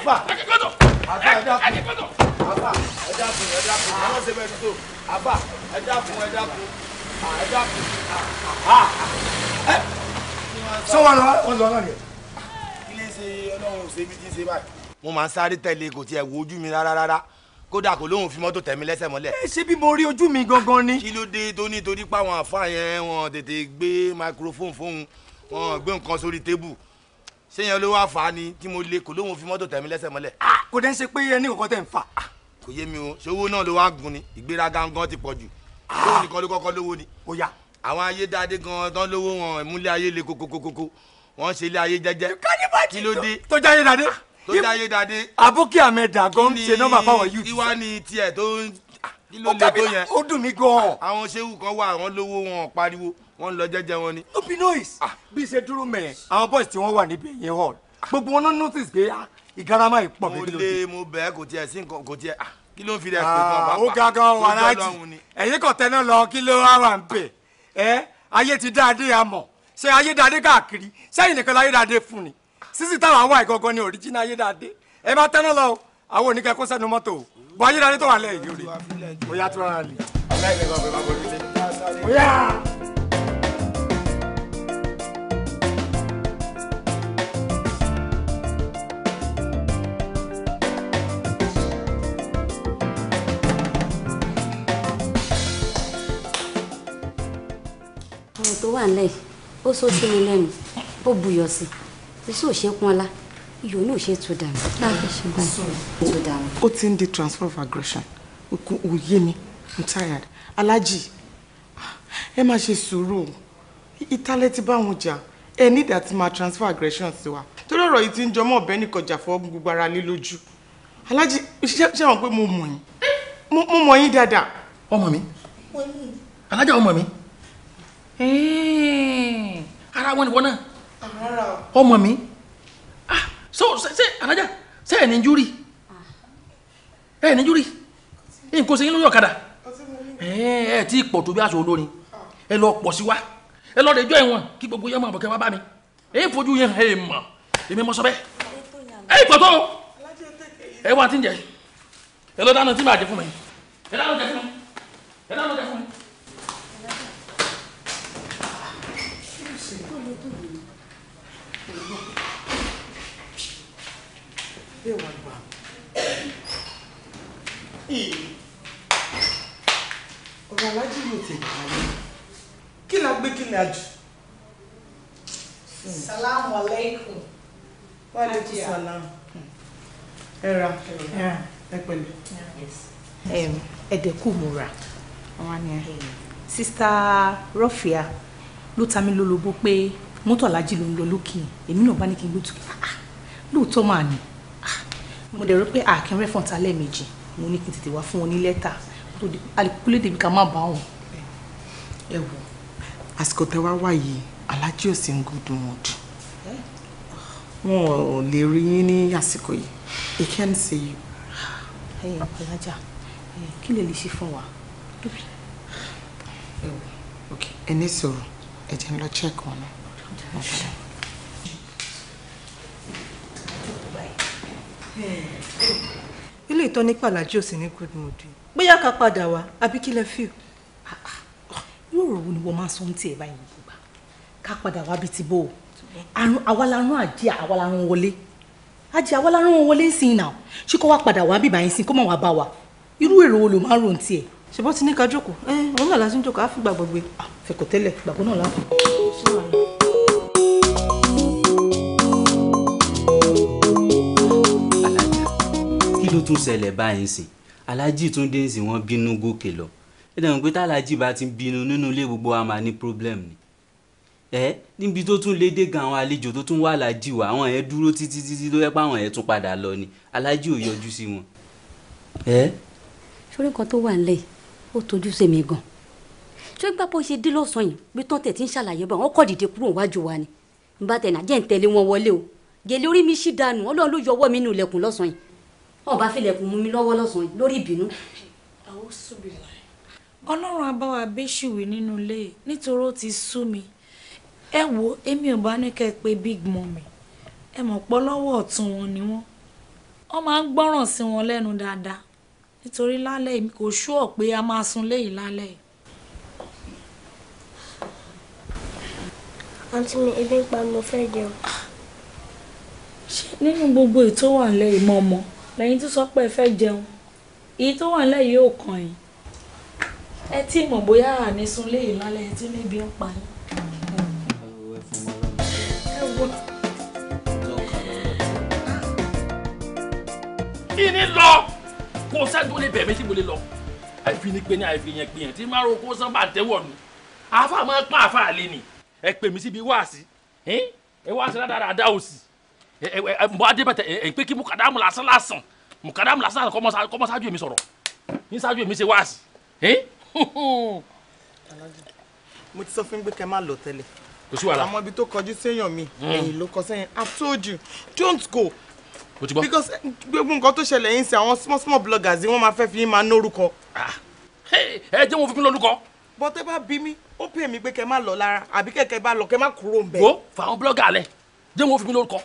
àfà àfà ẹ̀dá fún àfà ẹ̀dá fún ẹ̀dá fún àwọn ṣe bẹ́ẹ̀ tó àfà ẹ̀dá fún ẹ̀dá fún ẹ̀dá fún sọ́wọ́n lọ wọ́n lọ náà nìyẹn. ilé ṣe ọlọ́run ṣe bí tí ń ṣe báyìí. mo máa ń sáré tẹ̀lé kò tiẹ̀ wo ojú mi rárá rárá kódà kò lóun fi mọ́tò tẹ̀mí lẹ́sẹ̀ mọ́lẹ̀. ẹ ṣe bí mo rí ojú mi gangan ni. kí ló dé tó nítorí pé àwọn àfáà yẹn wọn tètè gbé microphone fóun wọn gbé nǹkan sórí tébù sẹ́yìn olówó àfà ni tí mo lè kò lóhun fi mọ́tò tẹ̀mí lẹ́sẹ̀ mọ́lẹ̀. Ah, kò dẹ́n ṣe pé ẹni kọ̀ọ̀kan tẹ̀ ń fà. Ah, kò yé mi o ṣòwò náà ló wá gun ni ìgbéraga gan ti pọ̀ jù lóhun ah. nìkan ló kọ́kọ́ lówó ni. ó yá. àwọn ayédáadé gan tán lówó wọn ìmúlẹ̀ ayé le kokokokoko wọ́n ṣe ilé ayé jẹ́jẹ́. kí ló dé tó jáyé dáadé. tó jáyé dáadé. àbókí àmẹ́dà gan ṣe nọ́mbà fáwọn yìí. ìwá ni tiẹ̀ tó kí ló lè tó ó dùn mí gan àwọn ṣéwù kan wà àwọn lówó wọn pariwo wọn lọ jẹ́jẹ́ wọn ni. no be noise ah. bí ṣe dúró mẹ àwọn boys tí wọn wà níbi ìyẹn hall gbogbo wọn náà notice pé ah, ìgarama yìí pọ̀ mí lóde. mo lé mo bẹ́ẹ̀ kò tiẹ̀ sí nǹkan kò tiẹ̀ ah, kí ló ń fi rẹ̀ pé kan pàápàá. ó ga gan wà láti ẹ̀yìn kan tẹ́ná lọ kí ló wà ń bẹ̀ ẹ́ ayé ti dáadé àmọ̀ ṣé ayédáadé káàkiri sẹ́yìn nìkan láyédáadé fún ni sísì táwọn àwọn àìgangan ni original ayédáadé ẹ má tẹ́ná lọ àwọn oníkẹ́kọ́ sẹ́nu mọ́tò bọ ayé dáadé tó wà lẹ́yìn yìí rè ó yá tó rárá lè. aláìlẹ̀ kan fẹ́ máa bọ̀ nílé. ó yá. ọ̀rọ̀ tó wà nílẹ̀ ó sọ sí mi lẹ́nu ó buyọ̀ sí i iṣẹ́ òṣèkún ọlá ìyóò náà ṣe tó dànù. tó dànù. ó ti ń di transfer of aggression òye mi i'm tired alájì ẹ má ṣe sùúrù ìtàlẹ̀ ti bá wọn jà ẹ nídìí àti máa transfer aggression sí wa torí ọ̀rọ̀ yìí ti ń jọmọ́ ọ̀bẹ nìkan jà fọ́ gbogbo ara lé lójú alájì ṣé wọn pé mo mọ̀ yín mo mọ̀ yín dáadáa. ọmọ mi alájà ọmọ mi ara wọn ni wọn náà ọmọ mi so ṣe ṣe anájà ṣe ẹ̀ ní júrì ah. ẹ̀ ní júrì nǹkan ṣe yín lórí ọ̀kadà ẹ̀ tí pọ̀ tó bí aṣọ olórin ah. ẹ lọ pọ̀ sí wa ẹ lọ rẹjọ́ ẹ̀wọ̀n kí gbogbo yẹn mọ̀ àbọ̀kẹ́ wá bá mi ẹ̀ fojú yẹn ẹ̀ mọ̀ èmi mọ̀ sọ bẹ́ẹ̀ ẹ̀ pọ̀ tó ẹ̀ wá ti ń jẹ ẹ lọ dáná tí màá jẹ fún mi ẹ dáná jẹ fún mi ẹ dáná jẹ fún mi. bẹ́ẹ̀ wà gbà. ọ̀rọ̀ alájú yóò tẹ̀ ká yẹ kí la gbé kí la jù. salam. ẹ ra ẹ pẹ̀lẹ́. ẹ dẹ̀ kú mo rà sista Rọ́fíà ló ta mí lólobó pé mọ́tò alájí ló ń lọ lókè èmi náà bá ní kí n gbé tukẹ́ ah, ah. lóòótọ́ máa ní mo dẹ̀ rò pé àkín ah, rẹ́fọ̀ntà lẹ́ẹ̀mejì mo ní kí n tètè wá fún wọn ní lẹ́tà alùpùpù débi ká má bá wọn. ẹ wò àsìkò tẹ wá wà yìí alájí ò sí ń gúdùn wọn dùn wọn ò lè rí yín ní àsìkò yìí they can see you. ẹyìn alájà kí lè lè ṣe fún wa. ẹ ní sọ̀rọ̀ ẹ jẹ́ ń lọ check wọn náà. ilé ìtọ́ ní pàlàjì ò sí ní good mood bóyá ká padà wá àbí kí lẹ fíò. yóò rò wo ni wọ́n máa ń sọ ní tiẹ̀ báyìí gbogbo ká padà wá bíi ti bó o àwa la rán àjẹ àwa la rán wọlé àjẹ àwa la rán wọn wọlé sí i náà ṣé kó wá padà wá bíbá yín sí i kó má wá bá wa irú èrò wo ló máa ń rò ní tiẹ̀. ṣùgbọ́n ti ní ká jókòó ẹ eh, òun náà la ń jókòó á fi gbàgbọ́ gbé. Ah, fẹ̀kọ̀tẹ́lẹ̀ gbàgbọ́ náà láàfin. ló tún ṣẹlẹ̀ báyìí sìn aláàjì tún dé nsìn wọ́n bínú gòkè lọ ẹ dẹ̀ pé tálájì bá ti bínú nínú ilé gbogbo wa máa ní problem ni ẹ níbi tó tún lédè gan àwọn àlejò tó tún wà aláàjì wa àwọn yẹn dúró títí títí tó yẹ pé àwọn yẹn tún padà lọ ni aláàjì ò yọjú sí wọn. ẹ. sórí nǹkan tó wà nílẹ̀ ó tójú sí mi gan ṣé gbà bó ṣe dé lọ́sàn-án yìí bí tán tẹ̀ ti ń ṣàlàyé bá wọn kọ́ dìde kúrò wájú wa ni n bá tẹ̀ náà jẹ́ ń tẹ̀lé wọn wọlé o gèlè orí mi ṣì dànù ọlọ́run ló yọ ọwọ́ mi nù ilẹ̀kùn lọ́sàn-án yìí ọba filẹ̀kùn mú mi lọ́wọ́ lọ́sàn-án lórí ìbínú. ọlọ́run abáwa abéṣìwé nínú ilé nítorí ó ti sú mi ẹ wo èmi ò bá ní kẹ́ ẹ pé big mummy ẹ mọ̀ pọ́ lọ́wọ́ ọ̀tún wọn ni wọ́n wọ́n máa ń gbọ́ràn sí wọn lẹ́nu dáadáa nítorí lálẹ́ èmi kò ṣú ọ̀ pé a máa sun léyìí lálẹ́. àǹtí mi ebi ń pa mi mo fẹ́ jẹun. ṣé nínú gbogbo ètò wà lẹ́yìn mọ́ lẹ́yìn tó sọ pé ẹ fẹ́ jẹun èyí tó wà nílẹ̀ yóò kàn yín ẹ tí mọ̀ bóyá ànísùn lè lálẹ́ ẹ tí níbi ń pa yín. kí ni lọ kó sẹ́ni lè bẹ̀rẹ̀ tí mo lè lọ àìfi ní pé ní àìfi yẹn pé yẹn tí máa ro kó sán bá tẹ́wọ̀ nù àáfà máa ń pọ́n àlè ni ẹ pè mí síbi wáàsí ẹ wáàsí ládàá òsì mbọ adébẹtẹ ẹ pé kí mukadamu lásán lásán mukadamu lásán kọ́mọ ṣáájú èmi sọ̀rọ̀ ní ṣáájú èmi ṣe wáàsì. mo ti sọ fún gbé kẹ́ máa lọ tẹ́lẹ̀ kò sí wàhálà àmọ́ ibi tó kọjú séèyàn mi ẹ̀yìn hmm. ló kọ sẹ́yìn i told you don't go o ti gbọ́. because eh, gbogbo nǹkan tó ṣẹlẹ̀ yín sí àwọn small small bloggers wọ́n máa fẹ́ fi máa nórúkọ. Ah. ẹ jẹ́ wọn fi mí lórúkọ. bọ́tẹ́ bá bí mi ó pè mí pé kẹ́ má lọ lára àbí kẹ́kẹ́ bá lọ kẹ́ má kúrò ń bẹ̀. wo fàwọn blogger alẹ jẹ́ wọn fi mí lórúkọ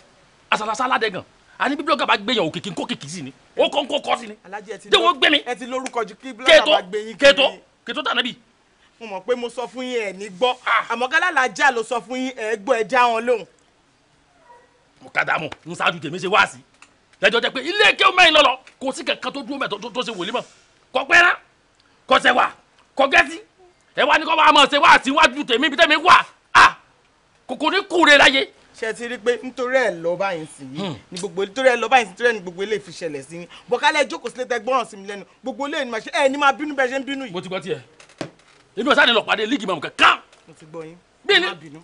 asalasala dẹ gan ani bíbélì ọgá bá gbé yàn òkìkí nkó kìkì sí ni ó kọ́ nkó kọ́ sí ni dé wọ́n gbé mi kéto kéto kéto tànà bí. mo mọ̀ pé mo sọ fún yín ẹ̀ ní gbọ́ ah! àmọ́ gálàlà já ló sọ fún yín ẹ̀ gbọ́ ẹ̀ já wọn lóhùn. mo ká dààmú n ṣáájú tèmi ṣe wáàsí lẹ́jọ́ jẹ́ pé ilé kéwù mẹ́rin lọ́lọ́ kò sí kankan tó dúró mẹ́tọ́ tó ṣe wòlí mọ́ kọ́ pẹ́rán kọ́ sẹ́wà kọ́ gẹ́sí ẹ̀ wá ní kọ́ bá máa ṣe wáàsí wájú tèmi ibi tẹ́mi wà ah! kòkòrò kúure láyé ṣe ti rí pé nítorí ẹ lọ báyìí sí yìí hmm. ni gbogbo nítorí ẹ lọ báyìí sí nítorí ẹ ni gbogbo ilé ìfiṣẹlẹ sí yìí bọkálẹ jókòó sílẹ̀ tẹ gbọ́ràn sí mi lẹ́nu gbogbo ilé ìnìmọ̀ ṣe ẹ ní máa bínú bẹ́ẹ̀ ṣe ń bínú yìí. mo ti gbọ́ tiẹ̀ inú ọ̀sán ni lọ pàdé líìgì mọ̀mù kankan. mo ti gbọ́ yín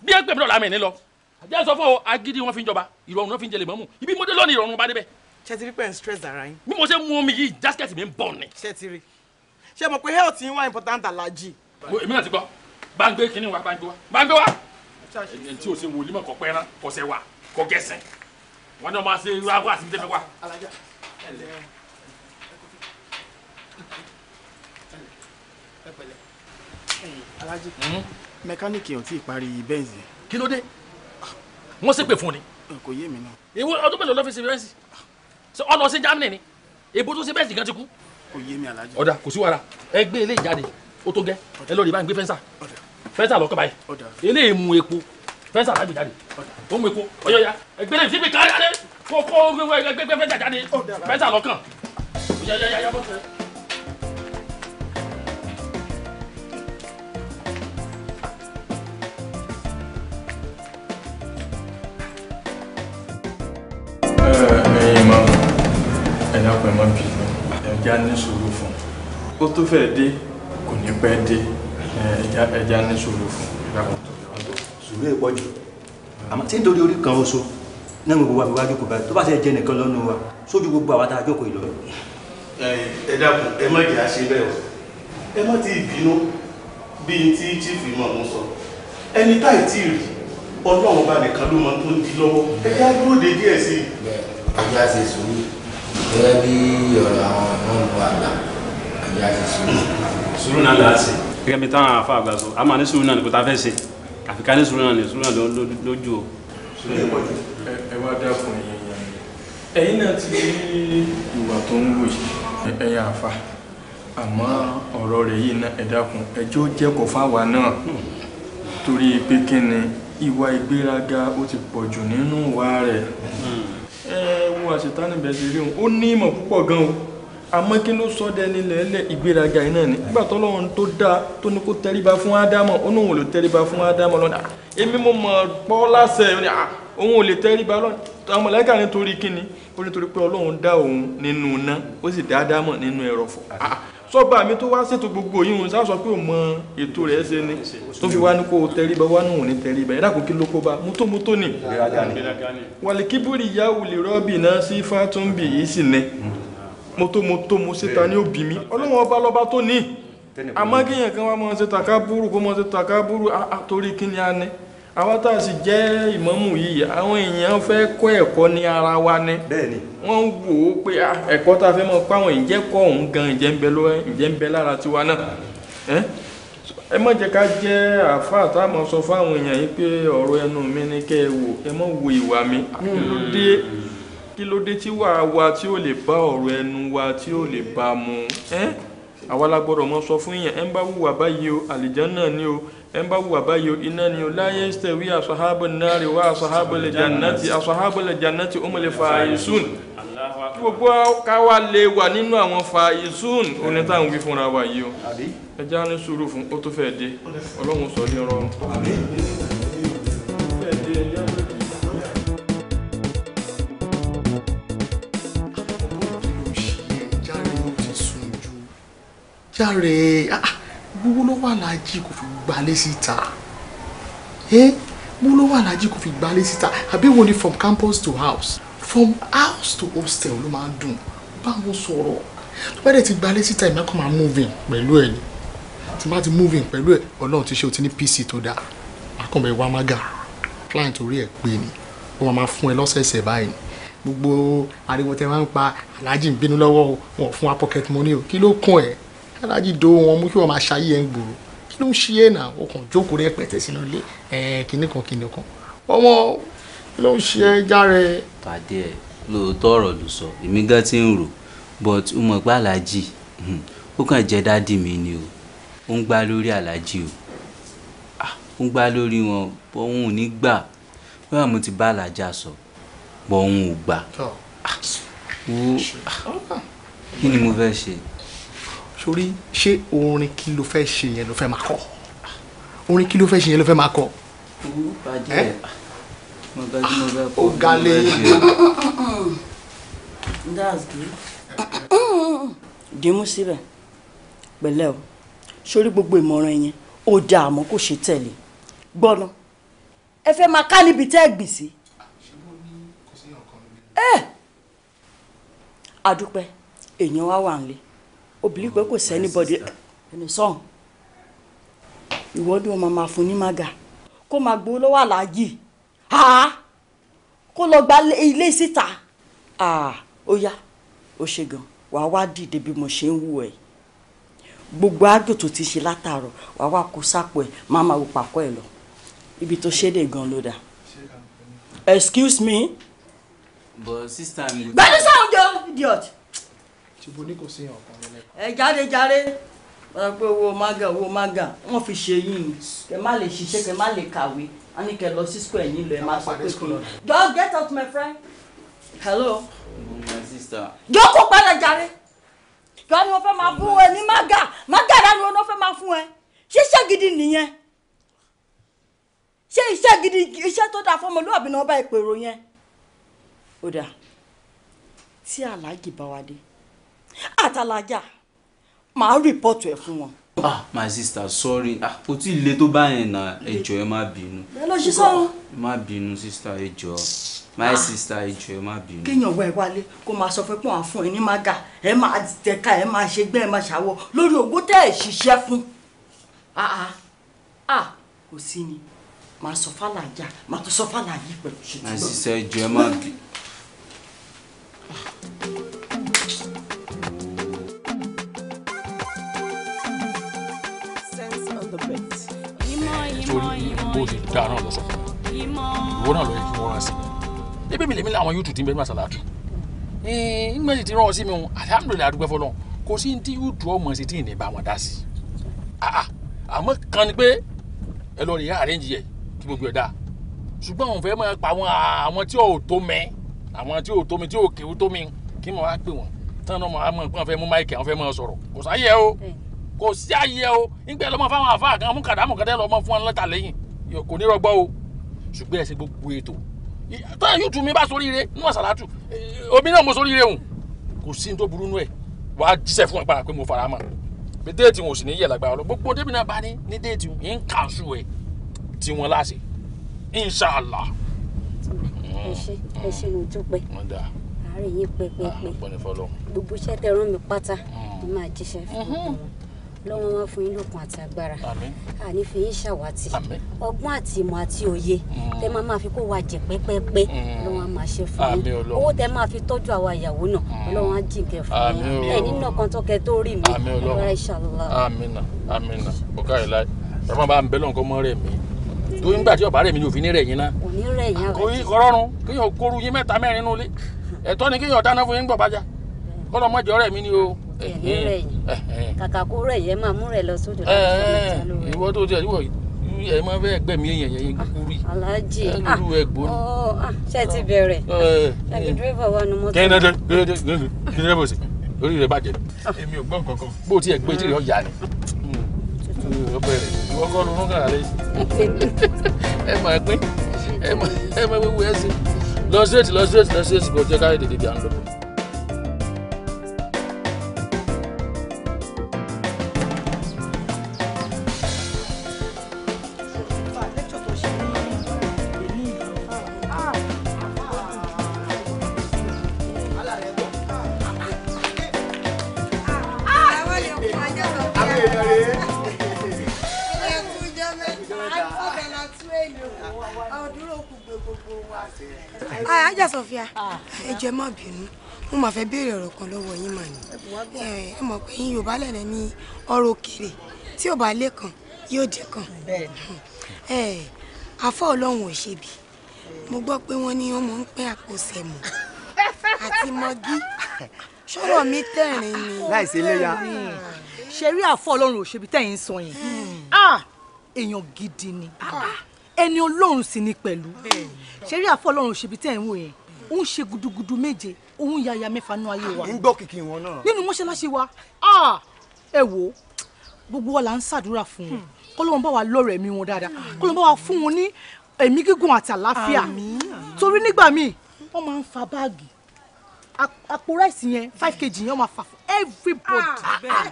bí ẹ pè mí lọ́la mi ní lọ àjẹ́ sọ fún ọ agídí wọn fi ń jọba ìrọ̀rùn wọn fi ń jẹlẹ̀ stress ara yín. bí mo ṣe mú omi yìí jásikẹ́tì mi ń bọ̀ ni. ṣé ti rí ṣé mo pe wa bá ń ẹni tí o ṣe wòlímọ kọ pẹ rán kọ sẹ wa kọ gẹsẹ wọn ni wọn máa ṣe irú àgọ àti tẹfẹ wa. alájí mẹkáníìkì ò tí ì parí bẹ́ẹ̀nsì. kí ló dé wọ́n ṣépè fún ni. kò yé mi náà. ìwọ ọdún mélòó ló fi ṣe bẹ́ẹ̀nsì ọ̀nà ṣe germany ni èbó tó ṣe bẹ́ẹ̀nsì kan ti kú. kò yé mi alájí. ọ̀dà kò sí wàrà ẹ gbé eléyìí jáde ó tó gẹ́ ẹ lọ́ọ́ rí báyìí gbé fẹ́ńsà. ọ̀dà fẹsà lọkọ báyìí eléyìí mu epo fẹsà lágbè jáde ó mu epo ọyọ ya ẹgbẹrẹ ìfipì kan jáde kó kó gbẹgbẹ fẹsà jáde fẹsà lọkàn yáyáyá bọ́ fẹ́. ẹ̀yà pẹ̀lú ọ̀bì ẹ̀já ní sùúrù fún un ó tó fẹ́ dé kò ní pẹ́ dé ẹja ní sùúrù fún sùúrù èpọ̀ jù àmọ́ tí nítorí orí kan oṣù náà gbogbo wa fi wá jókòó báyìí tó bá sì jẹ́ nìkan lọ́nu wa sójú gbogbo àwa tá a jókòó Ìlọrin. ẹ dákun ẹ má jẹ́ àṣẹ bẹ́ẹ̀ o ẹ má ti bínú bí n tí chief mọ̀ mú sọ ẹni táì tí ì rí ọlọ́run bá nìkan ló máa tó ń di lọ́wọ́ ẹ de díẹ̀ sí i. ajá ti sùúrù gẹ́gẹ́ bí ọ̀rọ̀ àwọn ọmọ wa là ajá ti sùúrù. sùúrù náà là á sè gẹ́gẹ́ bí táwọn afa àgbà sọ a máa ní sùúrù náà ní kò tá a fẹ́ ṣe àfi ká ní sùúrù náà ní sùúrù náà lójú o. ẹ wá dákun ẹ̀yin ẹ̀yin náà ti rí ìwà tó ń wò yìí ẹ̀yin àfa àmọ́ ọ̀rọ̀ rẹ̀ yìí náà ẹ dákun ẹjọ́ jẹ́kọ̀ọ́ fáwa náà torí pé kí ni ìwà ìgbéraga ó ti pọ̀ jù nínú wa rẹ̀ hmm. ẹ wo àṣetánibẹ̀ ṣe rí òun ó ní ìmọ̀ púpọ̀ gan-an àmọ́ kí ló sọ dẹni lẹ́lẹ̀ ìgbéraga iná ni nígbà tó lọ́run tó dáa tó ní kó tẹríba fún ádámọ̀ ó lóun ò lè tẹríba fún ádámọ̀ lọ́nà èmi mo mọ̀ pọ́ lásẹ̀ òun ò lè tẹríba lọ́nà àwọn mọ̀lẹ́kà nítorí kíni ó nítorí pé ọlọ́run dá òun nínú iná ó sì dá ádámọ̀ nínú ẹ̀rọ̀fọ̀ sọ́ba mi tó wá ṣètò gbogbo yìí òun sáà pé òun mọ ètò rẹ̀ ṣe ni tó fi wá ní kó tẹríba wá níwọ̀n ní tẹríba ẹ̀dá kò ló kó bá mútó mútó nì wàlíkíbùrì lè rọ́ọ̀bì náà sí fátúnbì yìí sì ní motomoto tó mo tó ta ní òbí mi ọlọ́run ọba tó ní àmọ́ kan wá máa ṣe tàkàbúrù kó máa ṣe tàkàbúrù àtòrí kí ni a ní àwọn tá a sì jẹ́ ìmọ̀mù yìí àwọn èèyàn fẹ́ kọ́ ẹ̀kọ́ ní ara wa ni wọ́n ń wò ah, a fẹ́ mọ̀ pé àwọn gan ìjẹ́ ń tiwa náà ẹ jẹ́ ká jẹ́ sọ fáwọn èèyàn yìí pé ọ̀rọ̀ ẹnu mi kẹ́ ẹ wò ẹ ìwà mi kí ló dé tí wàá wa tí ò lè bá ọ̀rọ̀ ẹnu wa tí ò lè bá a mu àwa la gbọ́dọ̀ mọ sọ fún yẹn ẹ ń bá wùwà báyìí o àlìjánnà ni o ẹ ń bá wùwà báyìí o iná ni o la yastawi ashabu nari wa ashabu aljannati ashabu aljannati umul faisun gbogbo ká wá lè wà nínú àwọn faisun oníta ń wí fúnra wa yìí o ẹ já ní sùúrù fún ó tó fẹ́ dé ọlọ́run sọ ní ọrọ̀. jàre ah, ah, gbogbo ló wà láàjì kò fi gbalé síta gbogbo ló wà láàjì kò fi gbalé síta àbí wo ni from campus to house from house to hostel ló máa ń dùn báwọn sọ̀rọ̀ tó bá dẹ̀ ti gbalé síta ìmọ̀ kan máa moving pẹ̀lú ẹ̀ ni tí bá ti moving pẹ̀lú ẹ̀ ọlọ́run ti ṣe o ti ní pc tó dáa akọ̀bẹ̀ wa mága client orí ẹ̀ pé ni wọ́n máa fún ẹ lọ́sẹ̀ẹ̀sẹ̀ báyìí gbogbo ariwo tẹ máa ń pa aláàjì ń bínú lọ́wọ́ wọn fún wa pocket money o kí ló kún ẹ̀ aláàjì do wọn mú kí wọn máa ṣayé ẹ ń gbòòrò kí ló ń ṣe é náà o kàn jókòó rẹ pẹ̀tẹ̀ sínú ilé ẹ kan kinní kan ọmọ kí ló ń ṣe é járe. pàdé ẹ lóòótọ́ ọ̀rọ̀ ló sọ èmi gan ti ń rò but ó mọ̀ pé aláàjì ó kàn jẹ́ dádì mi ni o ó ń gbá lórí aláàjì o ó ń gbá lórí wọn òun ò ní gbà báwa mo ti bá alájà sọ bọ̀ òun gbà kí ni mo fẹ́ ṣe sórí ṣé orin kí ló fẹ́ ṣe yẹn ló fẹ́ máa kọ orin kí ló fẹ́ ṣe yẹn ló fẹ́ máa kọ. Ah, ó ga lé dìímú síbẹ̀ pẹ̀lẹ́ o sórí gbogbo ìmọ̀ràn yẹn ó dáa àmọ́ kò ṣe tẹ̀lé gbọ́nà ẹ fẹ́ máa ká níbi tẹ́ ẹ gbìn sí. àdúpẹ́ èèyàn wá wà ń lé obìnrin pé kò sẹ́ni bọ́dí ẹni sọ̀hún ìwọ́dún ọmọ máa fún ní màgà kó máa gbowó lọ́wọ́ aláàjì kó lọ gba ilé síta ó yá ó ṣe gan wàá wá dìde bí mo ṣe ń wù ẹ́ gbogbo àgbò tó ti ṣe látàárọ̀ wàá wá kó sápò ẹ̀ máa máa wò pàkọ́ ẹ̀ lọ ibi tó ṣe dé gan ló dà excuse me. but sister mi. gbẹ́dúsọ̀ ọ̀dọ́ idiot ṣùgbọ́n ní kò sí ọ̀kan nílẹ̀. ẹ jáde jáde wọ́n pé owó maga owó maga wọ́n fi ṣe yín kẹ má lè ṣiṣẹ́ kẹ má lè kàwé a ní kẹ lọ sí school ẹ̀yìn lọ ẹ má sọ pé kí lọ. just get out my friend. hello. my sister. jókòó padà jáde jọ ni wọ́n fẹ́ máa fún ẹ ní maga maga rẹ ni wọ́n fẹ́ máa fún ẹ ṣiṣẹ́ gidi nìyẹn ṣé iṣẹ́ gidi iṣẹ́ tó dáa fọmọlúwàbí ni wọ́n bá ìpèrò yẹn. ó dà tí aláàjì bá wa dé àtàlàjà màá rìpọ́tù ẹ̀ fún wọn. ah my sister sorry ah kò ti ì le tó báyẹn náà ẹ jọ̀ọ́ ẹ má bínú. ẹ lọ ṣe sọ̀rọ̀. ẹ má bínú sister ẹ jọ̀ọ́ my ah. sister ẹ jọ̀ọ́ ẹ má bínú. kéèyàn wá ẹ wálé kó máa sọ fún pọ́n àfún ẹ ní mága ẹ máa tẹ̀ka ẹ máa ṣe gbẹ́ ẹ máa ṣàwọ lórí owó tẹ́ ẹ ṣiṣẹ́ fún. ah ah ah kò sí ni màá sọ fàlàjà màá tún sọ fàlàyé pẹ̀lú ṣètìlọ́. my sister ẹ jọ̀ọ́ ẹ má bínú. Ah. nítorí bó ṣe dáa náà lọ sọ fún mi ìwọ náà lọ yẹ kí wọ́n rán sí mi ebi mi lèmi làwọn yóò tù tí ń bẹ ní àṣàlàtù ìgbà tí ti rán ọ sí mi òun alhamdulilayi adúgbò fọlọ kò sí ti yóò dùn ọmọ sí tí ì ní bá wọn dá sí ah, ah. àmọ́ kan ni pé ẹ lọ rí àrẹ́ǹjì yẹ kí gbogbo ẹ̀ dáa ṣùgbọ́n òun fẹ́ máa pa àwọn àwọn tí ò tó mẹ́ àwọn tí ò tó mi tí ò kéwú tó mi kí mo wá pè wọ́n tán náà mo máa pè wọ́n fẹ́ mú máìkì àwọn fẹ́ máa sọ̀rọ̀ kò sáyẹ o. Mm kò sí àyè o nígbà lọ́mọ fáwọn àfáà kan múkàdámù kan tẹ́ lọ́mọ fún wọn lẹ́tà lẹ́yìn kò ní rọgbọ́ o ṣùgbọ́n ẹ ṣe gbogbo ètò tọ́yà yóò tún mi bá sóríire nínú àṣàlátù eh, omi náà mo sóríire hùn kò sí ní tó burú nú ẹ̀ wàá jíṣẹ́ fún agbára pé mo fara mọ́ pé déètì wọn ò sì ní yẹ̀ lágbára lọ gbogbo débi náà bá ní ní déètì ń kàṣù ẹ̀ tí wọ́n láṣẹ inṣàlá. ẹ mm, ṣe ẹ mm. ṣe mo dúpẹ́ àárẹ̀ yìí pẹ́pẹ́pẹ́ gbogbo iṣẹ́ tẹ́ rán mi pátá mm. mo máa jíṣẹ́ fún mm-hmm. ọ lọ́wọ́ wọn fún yín lókun àti agbára àní fi yín ṣàwátì ọgbọ́n àti ìmọ̀ àti òye mm. tẹ máa máa fi kó wa jẹ pẹ́pẹ́pẹ́ mm. lọ́wọ́ máa ṣe fún yín owó tẹ máa fi tọ́jú àwa ìyàwó náà mm. lọ́wọ́ á jìnkẹ́ fún yín ẹ nínú ọkàn tó kẹ tó rí mi ọ̀rọ̀ ìṣàlọ́. amina amina bùkà ìlà ẹ má bá ń bẹ lọ́n kó mọ́ rẹ̀ mí torí nígbà tí ọ̀bá rẹ̀ mi ni òfin rẹ̀ yín ná kò yí kọ́rọ́rùn yín ẹ̀ ní rẹ̀ yìí kàkà kó rẹ̀ yìí ẹ máa mú rẹ̀ lọ sódò láti sọ mẹ́ta lóore. ìwọ tó ti àdúgbò ẹ máa fẹ́ gbẹ̀mí èèyàn yẹn yín kúkú rí ah, aláàjì ah, oh, ah, ṣe ti bẹ̀rẹ̀ ẹbí dírẹ́fà wà ní mọ́tò. kẹ́hìndé kẹ́hìndé kẹ́hìndé bó ṣe orí rẹ̀ bàjẹ́ èmi ò gbọ́ nǹkan kan bó tiẹ̀ gbé tí rẹ̀ ọ̀yà ni ìwọ kọ́ ló ń kàn lálẹ́ ẹ máa pín ẹ máa wíwú ẹ sí lọ sí ètì lọ sí ètì lọ sí ètì kò jẹ́ káyọ̀ tètè bí Ah, ajá sọfíà ah. ẹ jẹ́ má bínú mo máa fẹ́ béèrè ọ̀rọ̀ kan lọ́wọ́ yín mà ní ẹ mọ̀ pé yín yorùbá lẹ̀rẹ̀ ní ọ̀rọ̀ òkèrè tí ò bá lé kan yóò dé kan àfọ́ ọlọ́run ò ṣe bí mo gbọ́ pé wọ́n ní wọ́n mọ̀ ń pín àpò sẹ̀mù àti mọ́gí mi tẹ̀rín ni. láìsí iléyà. ṣe rí àfọ́ ọlọ́run ò ṣe bí tẹ̀yìn sọ yẹn hmm. ah, èèyàn gidi ni. Ah ẹni ọlọ́run sì ni pẹ̀lú ṣeré àfọ ọlọ́run ṣe bí tẹ́ ẹ̀ ń wò yẹn òun ṣe gudugudu méje òun yaya mẹ́fà nú ayé wa. ń gbọ́ kìkì wọn náà. nínú mọ́ṣáláṣí wa ah! ẹ wò ó gbogbo wa là ń ṣàdúrà fún wọn kọ́lọ́run bá wa lọ́rọ̀ ẹ̀mí wọn dáadáa kọ́lọ́run bá wa fún wọn ní ẹ̀mí gígùn àti àlàáfíà torí nígbà míì wọ́n máa ń fa báàgì àpò ráìsì yẹn five kg yẹn máa fà fún everybody ah,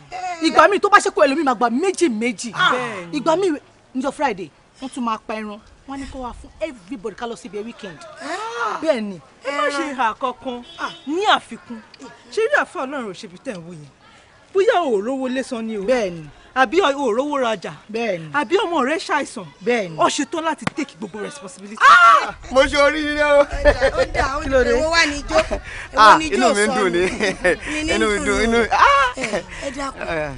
ìgbà míì tó bá ṣe kó ẹlòmíì máa gba méjì méjì ah, ìgbà míì níjọ́ Friday wọ́n tún máa pa ẹran wọ́n ní kó wá fún everybody ká lọ síbi weekend ah! bẹ́ẹ̀ ni ẹ má ṣe ìhà kankan ní àfikún ṣé rí àfẹ́ ọlọ́run ò ṣe bí tẹ̀ ń wò yẹn bóyá òróró lẹ́sàn ni o bẹ́ẹ̀ni àbí òróró rajà bẹ́ẹ̀ni àbí ọmọ rẹ ṣàìsàn bẹ́ẹ̀ni ó ṣe tán láti take gbogbo responsibility. Ah! Ah! mo ṣe oríire o. ó dà ó dà èwo wà ní ijó èwo ní ijó sọ inú mi dùn ni inú mi dùn inú. Eh, ẹ dákun eh.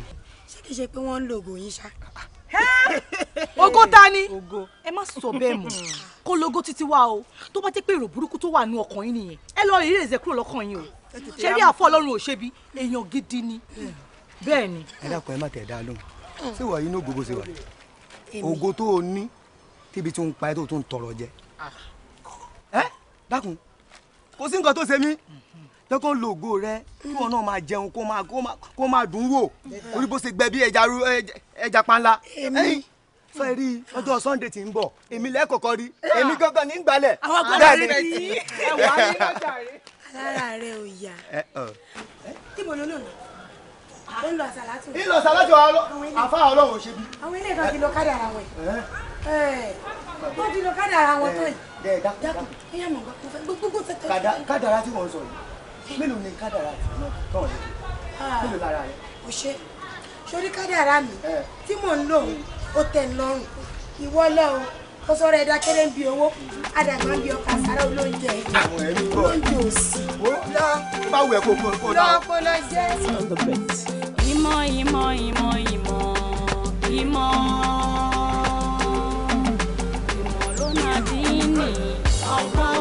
ṣé kìí ṣe pé wọ́n ń lo oògùn yín ṣá ogo ta ni ẹ má sọ bẹ́ẹ̀ mọ́ kó lógo títí wá o tó bá jẹ́ pé èrò burúkú tó wà ní ọkàn yín nìyẹn ẹ lọ rí èrèzè kúrò lọ́kàn yín o ṣé rí àfọ ọlọ́run ò ṣe bí èèyàn gidi ni bẹ́ẹ̀ ni. ẹ dákun ẹ má tẹ̀ dá lóhùn ṣé wàá yín ní ògógó ṣe wà ògo tó o ní tíbi tí ń pa ẹ tó tún tọrọ jẹ ah. ẹ dákun kò sí nǹkan tó ṣe mí. Mm lọ́kàn lo ògo rẹ kí wọn náà máa jẹun kó máa kó máa dùn wò orí bó ṣe gbẹ bí ẹja ẹja panla fẹ́ rí ọjọ́ sunday tí ń bọ̀ èmi lẹ́kọ̀ọ́kọ́ rí èmi gangan ní gbalẹ̀. àwọn akọ́kọ́ rí rẹ̀ yìí ẹ̀wọ̀n á ní lọ́jà rẹ̀. alára rẹ̀ ò yá. tíbo ló lò ní. ó ń lọ àsàlátù. ń lọ àsàlátù àfa ọlọ́run ṣe bí. àwọn ilé ìdọ̀tí ló kádà ara wọn yìí. ó di ló kádà ara wọn tó yìí. dákun ẹ̀yà mọ̀ gbogbo fẹ́ gbogbo fẹ́ tó. kádàrá tí wọ́n sọ yìí mélòó ni kádàrá ti náà tán rẹ ah, mélòó lára rẹ. o ṣe mi eh. tí mò ń lò ó tẹ́ ń lọ́rùn ìwọ lọ kó sọ́ra ẹ̀dá kéré ń bi owó àdàgbà ń ọkà sára olóúnjẹ olóúnjẹ òsì. ó yá bá wẹ̀ kó kó náà. lọ́ọ́ kó lọ jẹ́. ìmọ̀ ìmọ̀ ìmọ̀ ìmọ̀ ìmọ̀ ìmọ̀ ló máa dín ní ọgbọ́n.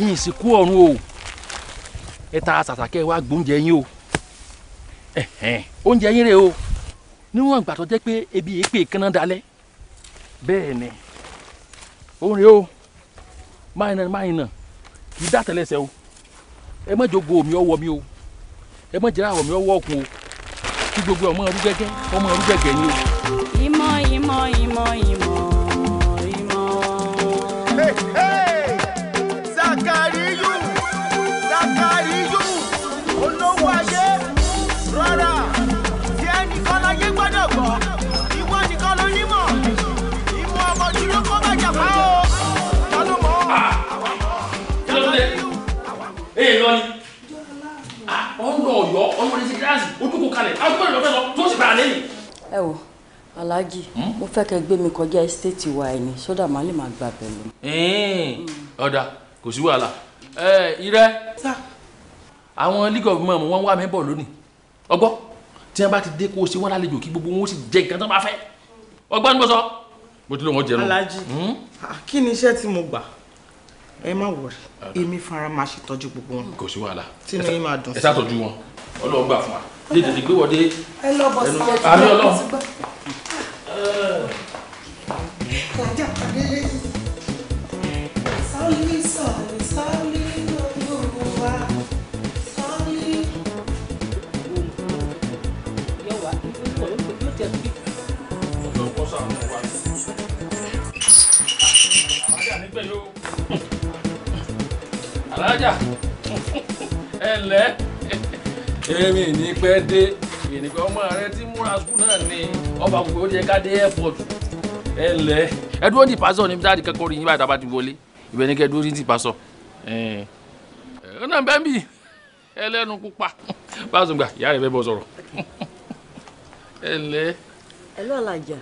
ẹ̀yin ìsìnkú ọ̀run o ẹ ta sàṣàkẹ́ wa gbóúnjẹ yín o oúnjẹ yín rè o níwọ̀n ìgbà tó jẹ́ pé ebi yìí pè kánná dalẹ̀ bẹ́ẹ̀ ni òun rè o máyìnà máyìnà kì í dá tẹ̀lẹ́sẹ̀ o ẹ má jogo omi ọwọ́ mi o ẹ má jẹ́ra ọ̀mí ọwọ́ ọ̀kun o kí gbogbo ọmọ rúgẹ́gẹ́ ọmọ rúgẹ́gẹ́ ni o. ìmọ̀ ìmọ̀ ìmọ̀ ìmọ̀. ọmọ rẹ ti mo fẹ́ kẹ́ gbé mi kọjá estate wa ẹ̀ ni sódà máa lè máa gbà bẹ̀ lọ. Hmm. ọ̀dà kò sí wàhálà irẹ́ àwọn league of mom wọn wá mi bọ̀ lónìí ọgbọ́ tí wọ́n bá ti dé kó o ṣe wọ́n lálejò kí gbogbo wọn ó sì jẹ nǹkan tó bá fẹ́ ọgbọ́n ní bó sọ mo ti lóun jẹun. alhaji kí ni iṣẹ́ tí mo gbà ẹ má wọrí èmi fara máa ṣètọ́jú gbogbo wọn. kò sí wàhálà tínú yín máa dùn sí. ẹ ṣàtọ́jú wọn ọlọ́run gbà fún wa lè tètè gbé wọlé ẹnu àmì ọlọ́run. alájà ẹ ǹlẹ́ èmi ní pẹ́ dé èmi pẹ́ ọmọ rẹ tí múra sùkúl náà ní ọba gbogbo jẹ ká dé airport ẹ ǹlẹ́ ẹ dúró ní ìpàṣọ ní dáàdì kẹ́kọ̀ọ́ rí yín báyìí tábà ti wọlé ibẹ̀ ní kẹ́ dúró ní ìpàṣọ ẹ ẹ náà bẹ́ẹ̀ bì ẹlẹ́nu pupa bá a sùn gbà ìyá rẹ̀ fẹ́ bọ́ sọ̀rọ̀ ẹ ẹ lọ́ọ́ làjà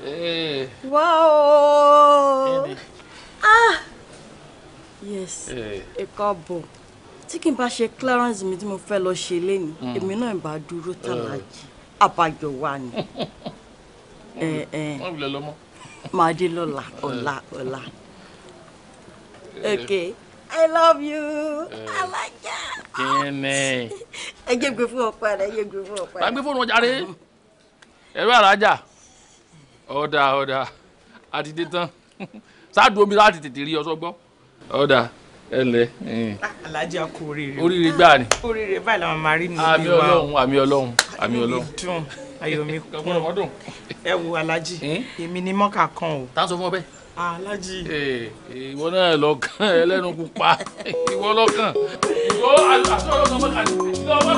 wá o ah yes eh. ẹ káàbọ̀ tí kì í bá ṣe clearance mi tí mo fẹ́ lọ ṣe léni hmm. èmi náà ìbá dúró tàlàjì eh. àbájọ wa ni eh, máa dé lọ́la ọ̀la ọ̀la ok i love you alájà ẹ jẹ́ gbé fún ọ̀pá rẹ̀ ẹ jẹ́ gbé fún ọ̀pá rẹ̀. àgbẹ̀ fóònù ọjà rẹ̀ ẹ̀rọ àlájà ọ̀dà ọ̀dà àti dé tán ṣáàdùn omi láti tètè rí ọ sọ gbọ́ ọ̀dà ẹ lẹ. alájà kú oríire. oríire gbáà ni. oríire báyìí làwọn máa rí ní ilé wa. àmì ọlọ́run àmì ọlọ́run àmì ọlọ́run. ayọ̀ mi kún ẹ wo alájì èmi ni mọ́kà kan o. tá a sọ fún ọ bẹ́ẹ̀. alájì. ìwọ náà lọ́kàn ẹlẹ́nu pupa ìwọ lọ́kàn. ìwọ àti ọlọ́sọ mọ́kà ni ìwọ ọmọ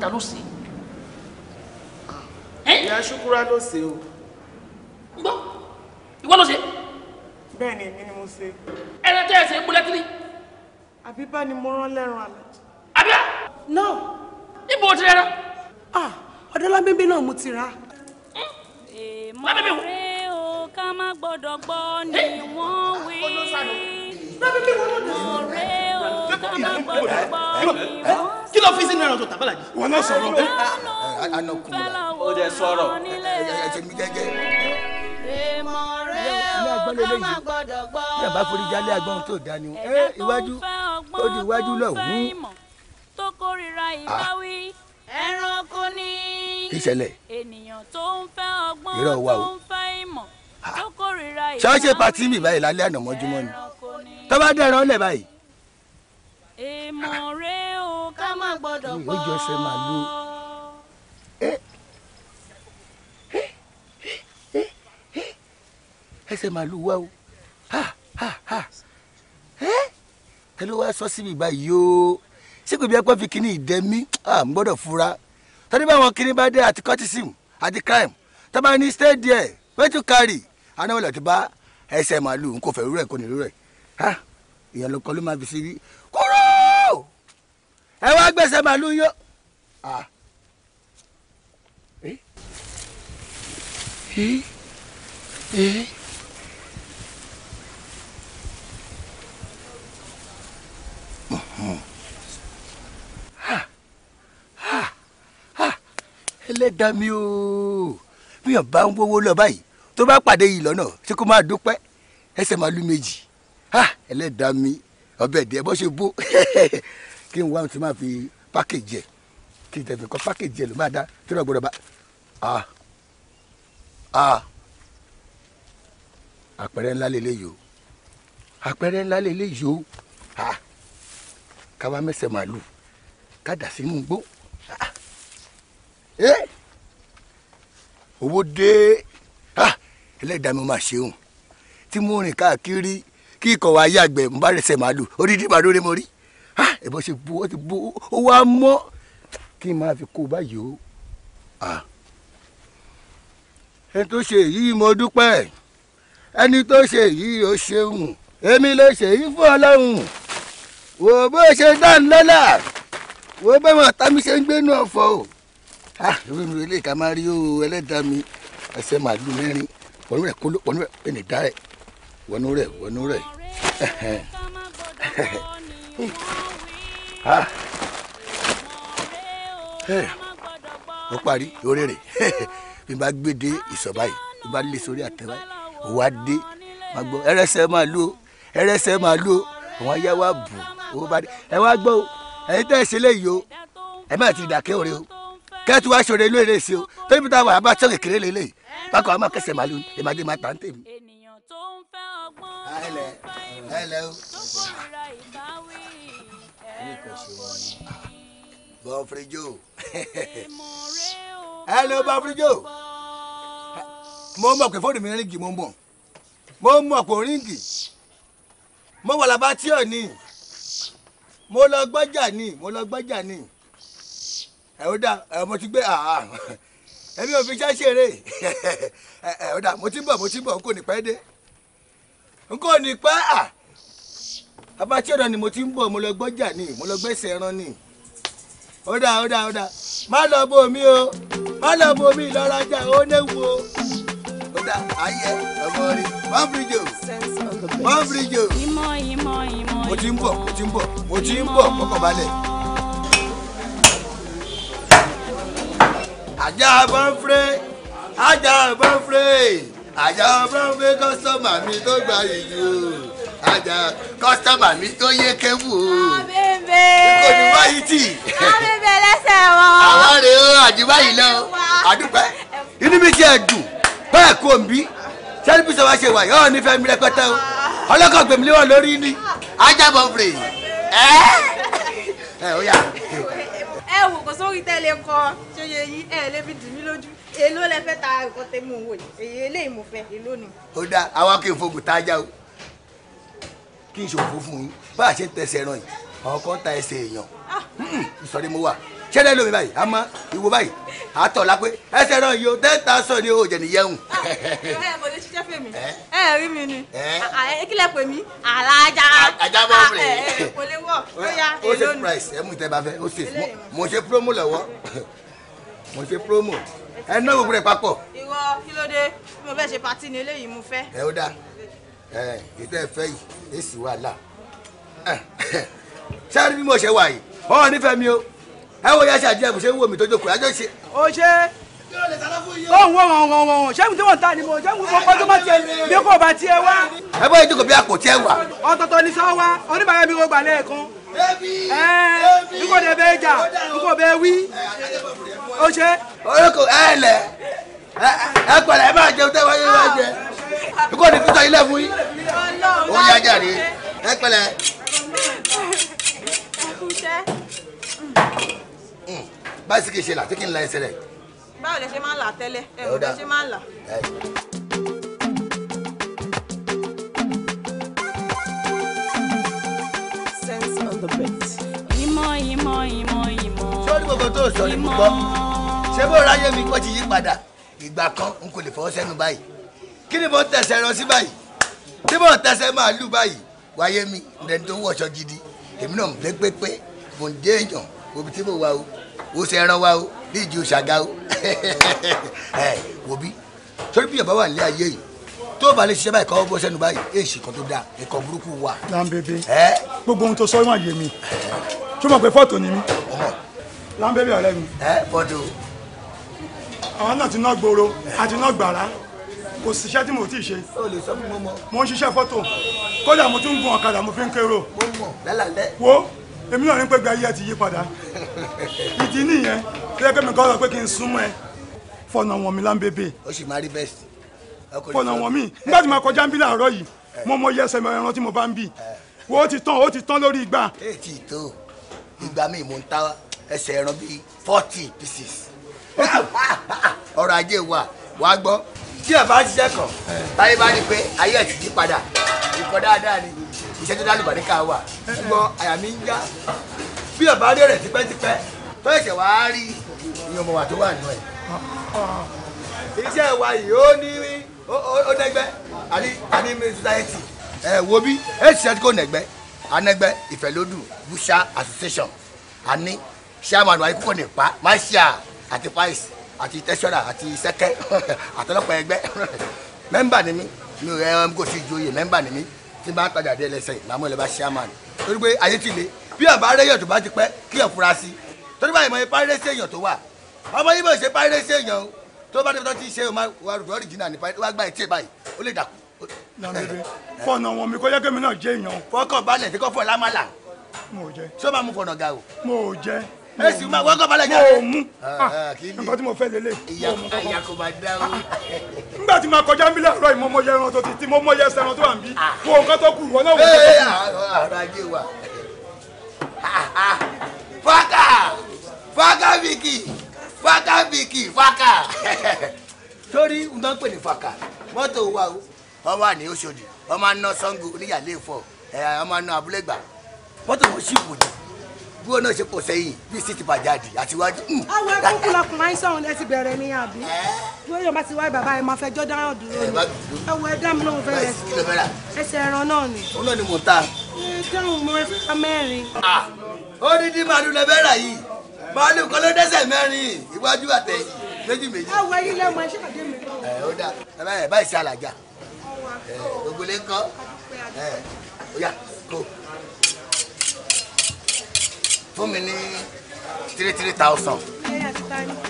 ta ló ṣe. ìyá ṣukura ló ṣe o. gbọ́ ìwọ ló ṣe. bẹ́ẹ̀ ni èmi ni mo ṣe. ẹ̀rẹ̀ tẹ́ ẹ̀ ṣe é gbólẹ́kìlì. àbíbá ni mo rán lẹ́rùn àlẹ́. àbíbá. náà. ibo ti rẹ rẹ. ah ọ̀dọ́lábẹ́bẹ́ náà mo ti rà á. èèmọ̀ rẹ o ká má gbọ́dọ̀ gbọ́ ni wọ́n wí. ọ̀rẹ́ o ká má gbọ́dọ̀ gbọ́ ni wọ́n wí kí ló fi sínú ẹran tó tà bàlàjì. wọn náà sọ̀rọ̀ bẹ́ẹ̀. anakun la o jẹ sọ̀rọ̀ ẹ mi gẹ́gẹ́. èèmọ̀ rẹ o ká má gbọ́dọ̀ gbọ́. bí a forí jalè agbọ́n tó dání o ẹ iwájú ó di iwájú lọ wú. tó kórìíra ìbáwí ẹranko ni. ìṣẹ̀lẹ̀ ènìyàn tó ń fẹ́ ọgbọ́n tó ń fẹ́ ìmọ̀ tó kórìíra ìbáwí. ṣọ́ọ́ṣe pati mi báyìí lálẹ́ àná mọ́júmọ́ ni tọ́ba dẹ̀rọ̀ ọ́lẹ̀ báyìí. èèmọ̀ rẹ má gbọ́dọ̀ gbọ́. ìyẹn jọsẹ màlúù. ẹsẹ̀ màlúù wá o ẹ ló wá sọ síbi báyìí o síkò bí ẹpọ́n fi kíní ìdẹ́mí à ń gbọ́dọ̀ fura tọ́ni báwọn kíní bá dé àti cortism àti crime tọ́ bá ní stay there where to carry anáwó lọ́ọ́ ti bá ẹsẹ̀ màlúù n kò fẹ́ rú rẹ̀ kò ní rú rẹ̀ ìyẹn ló kọ́ ló máa fi sí rí kúrò ẹ wá gbèsè màálù yó. ẹlẹ́dàá mi o bí yàn bá ń wówó lọ báyìí tó bá pàdé yìí lọ́nà ṣé kó máa dúpẹ́ ẹsẹ̀ màálù méjì ẹlẹ́dàá mi ọbẹ̀ díẹ̀ bó ṣe bó kí n wá ti máa fi pákéjì ẹ̀ kí n tẹ̀sí kọ́ pákéjì ẹ̀ ló máa dá tí wọ́n gbọ́dọ̀ bá a a àpẹẹrẹ ńlá lélẹ́yìí o àpẹẹrẹ ńlá lélẹ́yìí o a ká wá mẹ́sẹ̀ màálù ká dà sínú igbó a ẹ owó dé a ẹlẹ́dàá mi máa ṣeun tí mo rìn káàkiri kí ikọ̀ wa yàgbẹ́ mo bá rẹsẹ̀ màálù odidi màálù rẹ mo rí. Ah, ìbọn ṣe bu ó ti bu ó wá mọ́ kí n máa fi kó báyìí o ah. ẹni tó ṣe èyí mo dúpẹ́ ẹni tó ṣe èyí ó ṣeun èmi ló ṣe èyí fún ọlọ́run wò bó ṣe dán lọ́lá wò bẹ́ẹ̀ mọ̀ tá mi ṣe ń gbénu ọ̀fọ̀ o ìwé ah, mi lè ká máa rí o ẹlẹ́dàá mi ẹsẹ̀ màálù mẹ́rin wọnú rẹ̀ kóló wọnú rẹ̀ ẹnì dá rẹ̀ wọnú rẹ̀ wọnú rẹ̀. ó ah. eh, parí orí rẹ̀ bí n bá gbéde ìsọ̀bá yìí bí n bá lé sórí àtẹ̀wá yìí wá dé má gbọ́ ẹrẹsẹ̀ máa lò ẹrẹsẹ̀ máa lò àwọn ayé wa bù owó bá dé ẹ wá gbọ́ o ẹ̀yin tẹ́ ẹ ṣe léyìí o ẹ má ti dàkẹ́ òre o kẹ́tù wá ṣòro inú èrè sí o tóbi tá a wà abá tán kékeré lélẹ̀ bákan àwọn akẹ́sẹ̀ màálù ìmàdé máa tà tèmi. ènìyàn tó ń fẹ́ o bọ́frijo hello bọ́frijo mo mọ̀ pé fóònù mi ríngì mo mọ̀ mo mọ̀ pé ríngì mo wà lábá tí ò ní mo lọ gbọ́jà ní mo lọ gbọ́jà ní ẹ̀ ó dà ẹ̀ mo ti gbé àhà èmi ò fi iṣẹ́ ṣeré ẹ̀ ó dà mo ti bọ̀ mo ti bọ̀ n kò ní pẹ́ dé n kò ní pẹ́ à abátíọ̀dọ̀ ni mo ti ń bọ̀ mo lọ gbọ́jà ni mo lọ gbẹ́sẹ̀ ẹran ni ó dáa ó dáa ó dáa má lọ bo mi o má lọ bo mi lọ́rajà ó léwu o ó dáa ayẹ ọmọ rí one bridge o one bridge o mo ti ń bọ̀ mo ti ń bọ̀ mo ti ń bọ̀ kọ́kọ́ balẹ̀. àjà bọ́ fure àjà bọ́ fure àjà bọ́ fure kọ́sọ́mà mi tó gba ìjù ajá kọ́sítọ́mà mi tó yé kébù o. abébé kò ní wáyé tì. abébé lẹ́sẹ̀ wọn. àwọn rèé o àdìbá yìí lọ àdúpẹ́ inú mi ti ẹ̀ dùn bẹ́ẹ̀ kò ń bí sẹ́ni bí sọ́wọ́ ṣe wà yọ̀ọ́ nífẹ̀ẹ́ mi rẹpẹtẹ o ọlọ́kọ̀ gbèmílẹ̀ wà lórí ni. ajábọ̀ fèrè ẹ́ ẹ́ ó yà ẹ wò kó sórí tẹ́lẹ̀ kọ ṣóye yín ẹ lè fi dì mí lójú èló lẹ fẹ́ ta nǹkan tẹ́ mú wò èyí eléyìí mo fẹ́ èló ni. ó dáa àwa kì í fogun tájà o kí n ṣòfò fún yín bá a ṣe ń tẹsẹ̀ ẹran yìí àwọn ta ẹsẹ̀ èèyàn ah. hmm, ìsọ̀rí mo wà ṣẹlẹ̀ lómi báyìí àmọ́ ìwo báyìí àtọ̀ la pé ẹsẹ̀ ẹran yìí o sọ ni o jẹ̀ níyẹ̀hùn. Ah, ẹ mo lè ṣiṣẹ́ fèmí ẹ rí mi ni ah, kílẹ̀ pè mí alájà ajábọ̀ rẹ̀ kò lè wọ̀ lóyà èlò ni. ó ṣe price ẹ mú ìtẹ́ bá fẹ́ ó ṣe mo ṣe promo lọ́wọ́ mo ṣe promo ẹ náwó rẹ̀ papọ̀. ìwọ kí ló mo fẹ́ ṣe patí ni eléyìí mo fẹ́. ẹ ó dáa ìtẹ́ fẹ́ yìí èsì wàhálà sáré bí mo ṣe wà yìí bọ́ọ̀ nífẹ̀ẹ́ mi o ẹ wo yẹsẹ̀ àdìyẹ bùṣẹ́ ń wò tó jókòó ajọ́ ṣe. o ṣe ọ̀hún ọ̀hún ọ̀hún ọ̀hún ṣẹ́gun tí wọ́n ta ni mo ṣẹ́gun tí wọ́n tó bá tiẹ̀ bí kò bá tiẹ̀ wá. ẹ bọ́ ìjókòó bí a kò tiẹ̀ wà. ọ̀tọ̀ọ̀tọ̀ ni sọ wa oníbàárà mi kò gbà lẹ́ẹ̀kan. ẹ n kò dé bẹ́ẹ̀ jà n kò bẹ́ẹ̀ wí. o ṣe. orúkọ ẹ lẹ ẹ pẹ̀lẹ́ ẹ máa jẹun tẹ wáyé wáyé n kò ní ọ̀rọ̀ ilé fún yín ó yá jàre ẹ pẹ̀lẹ́. Hmm. báyìí kì í ṣe là tí kì í la ẹsẹ̀ rẹ̀. báwo lè ṣe máa là tẹ́lẹ̀ ẹ̀ mọ̀ lè ṣe máa là. sense on the bet. ìmọ̀ ìmọ̀ ìmọ̀ ìmọ̀. sórí gbogbo tó sọ ni mo gbọ́ ṣé bó ráyé mi kó ti yí padà ìgbà kan n kò lè fọwọ́ sẹ́nu báyìí kí ni mo tẹ̀sẹ̀ lọ sí báyìí tí mo tẹ̀sẹ̀ máa lù báyìí wáyé mi lẹni tó wọ̀ṣọ gidi èmi náà lé pépé mò ń dé èèyàn òbí tí mo wà o ó ṣe ẹran wa o ní ìjì òṣàgá o òbí sórí bí yàrá wà nílé ayé yìí tó o bá lè ṣiṣẹ́ báyìí kọ́ bó sẹ́nu báyìí èsì kan tó dáa ẹ̀kọ́ burúkú wà. lambebe gbogbo ohun tó sọ wọn yé mi tó mọ̀ pé fọ́tò ni mí lambebe ọ̀rẹ́ mi. fọ́tò. àwọn náà ti ná gbòòrò àti ná gbàrà kò síṣẹ́ tí mo ti ṣe. o lè sọ fún mo mọ. mo ń ṣiṣẹ́ fọ́tò kódà mo tún ń gun ọ̀kadà mo fi ń kérò. mo mọ lálàlẹ́. wo èmi náà ní pé gba ayé ẹ ti yí padà ìdí nìyẹn tó yẹ kí mi kọ́ ọ pé kí n súnmọ́ ẹ fọ̀nà wọn mi lámbébè. ó sì máa rí bẹ́ẹ̀sì. fọ̀nà wọn mi nígbà tí mo kọjá ń bí láàárọ̀ yìí mo mọ iye ẹsẹ̀ ẹran tí mo bá ń bì wo ó ti tán ó ti tán lórí igbá. èyí ti tó ìgbà míì mo ń ta ẹsẹ̀ ẹran bíi forty pieces ọrọ̀ ajé wa wàá gbọ́ tí ẹ̀ bá ń ṣiṣẹ́ kàn báyìí bá ní pé ayé ẹ̀ ti yí padà ìkọ́ dáadáa ni iṣẹ́ tó dálùbà ní ká wà ṣùgbọ́n àyà mi ń yá bí ẹ̀ bá rí rẹ̀ tipẹ́tipẹ́ tó ẹ̀ṣẹ̀ wá rí ìyẹn ọmọ wa tó wà nù ẹ̀. iṣẹ́ wa yìí ó ní ó nẹ́gbẹ́ àní mi society ẹ̀ wo bí ẹ̀ṣẹ̀ tí kò nẹ́gbẹ́ anẹ́gbẹ́ ìfẹ́lódù busha association àní ṣé àmàlù ayé kúkọ̀ nípa máṣíà àti páìsì àti tẹ́sọ́rà àti sẹ́kẹ́ àtọ́lọ́pàá ẹgbẹ́ mẹ́mbà ni mí mi ò rẹ ẹran kò sí ìjòyè mẹ́mbà ni mí tí bá tajà dé ẹlẹ́sẹ̀ màmú ẹlẹ́bà chairman torí pé ayé ti le bí ọ̀bá rẹ́yọ̀ tó bá ti pẹ́ kí ẹ̀ fura sí torí báyìí mo ṣe parí sí èèyàn tó wà ọmọ yìí mo ṣe parí sí èèyàn o tó bá débi tó ti ṣe o máa wà rúdú ọ̀rìjìnà nípa wá gbá etí ẹ̀ báyìí ó lè dàkú. fọ̀nà wọn mi kọ́ yẹ kémi náà jẹ́ èèyàn. fọkàn balẹ̀ tí kò fọ̀ lámàlà. mo jẹ. sọ ma mú fọ̀nà ga o. mo jẹ ẹ sì máa wọ́kọ̀ balẹ̀ jáde. mo mú ah, ah, nǹkan tí mo fẹ́ lélẹ̀. ìyàkùbà dá o. nígbà tí màá kọjá nbílẹ̀ àárọ̀ yìí mo mọyẹ ẹran tó ti tí mo mọyẹ ẹsẹ̀ ẹran tó wà nbí wo ah. nǹkan tó kù wọn náà wò ó tó kù. àrò ajé wa faka faka biki faka biki faka torí n tó ń pè ní faka mọ́tò wa o ọmọ àní Òṣòdì ọmọ aná Ṣàngó oníyàlé ìfọ ọmọ aná abúlé gbà mọ́tò wọn sì wò ni bí wọn náà ṣe pọ̀ sẹ́yìn bíi sí ti bàjáde àtiwájú. àwọn ẹkún kùlọkùnrin àìsàn ọ̀hún ẹ ti bẹ̀rẹ̀ ní àbí bí wọ́n yóò bá ti wá bàbá ẹ̀ máa fẹ́ jọ́ dáhùn dúró ni ẹ wọ ẹdá mi lóhun fẹ́rẹ̀ sí ẹsẹ̀ ẹran náà ni. òun náà ni mò ń ta. ẹ dáhùn mo rẹ fẹ́ mẹ́rin. ó ní dín màálù lẹ bẹ́ẹ̀ rà yìí màálù kan ló dẹ́sẹ̀ mẹ́rin iwájú àtẹ̀yìn méjì méjì. àwọn ẹyin lẹ́mọ ẹṣẹ́ àdé mi lọ. ẹ ó dà ẹ báyìí sí alàjà gbogbo lè ń kọ́ ó fún mi ní three three thousand.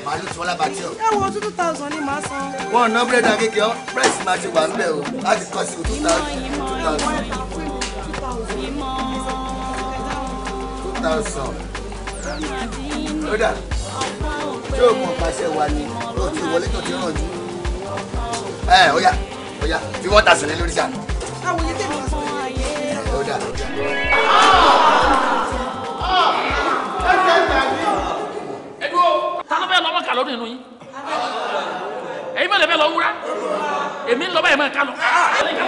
màálù tí wọ́n lábà tí o. ẹ wo two thousand ni màá san. wọ́n ná búrẹ́dì akéèké ọ́ price máa ti wà níbẹ̀ o láti kọ́ sí two thousand. two thousand. lódà tí o mọ̀ pàṣẹ wà ní o ti wọlé tó ti rànjú. ẹ ó yá ó yá fi wọ́n ta sílẹ̀ lórí sàn. àwọn yìí tẹ̀lé wọn sọ. lódà lódà. fẹ́ lọ́mọ kà lọ́dún inú yín ẹ̀yin mẹ́lẹ̀ fẹ́ lọ wúra èmi ń lọ báyìí máa ká lọ. Ah, èèmọ̀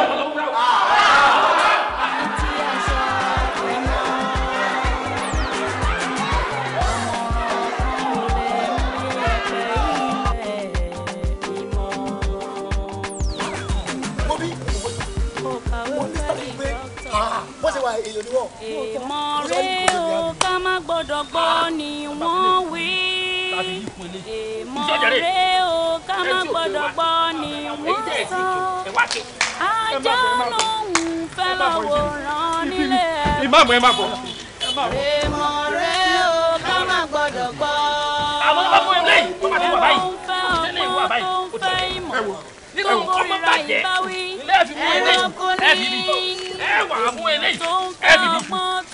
rèé o ká má gbọ́dọ̀ gbọ́ ni wọ́n wí èèmọ̀ o ká má gbọ́dọ̀ gbọ́ ni wọ́n sọ ajá lòun fẹ́ lọ́wọ́ràn nílé ẹ̀kọ́ èèmọ̀ o ká má gbọ́dọ̀ gbọ́ ni wọ́n fẹ́ ọgbọ́n tó ń fẹ́ ìmọ̀ nínú ìrà ìbáwí ẹ̀rọ kò ní ìlú tó ń fẹ́ ọgbọ́n.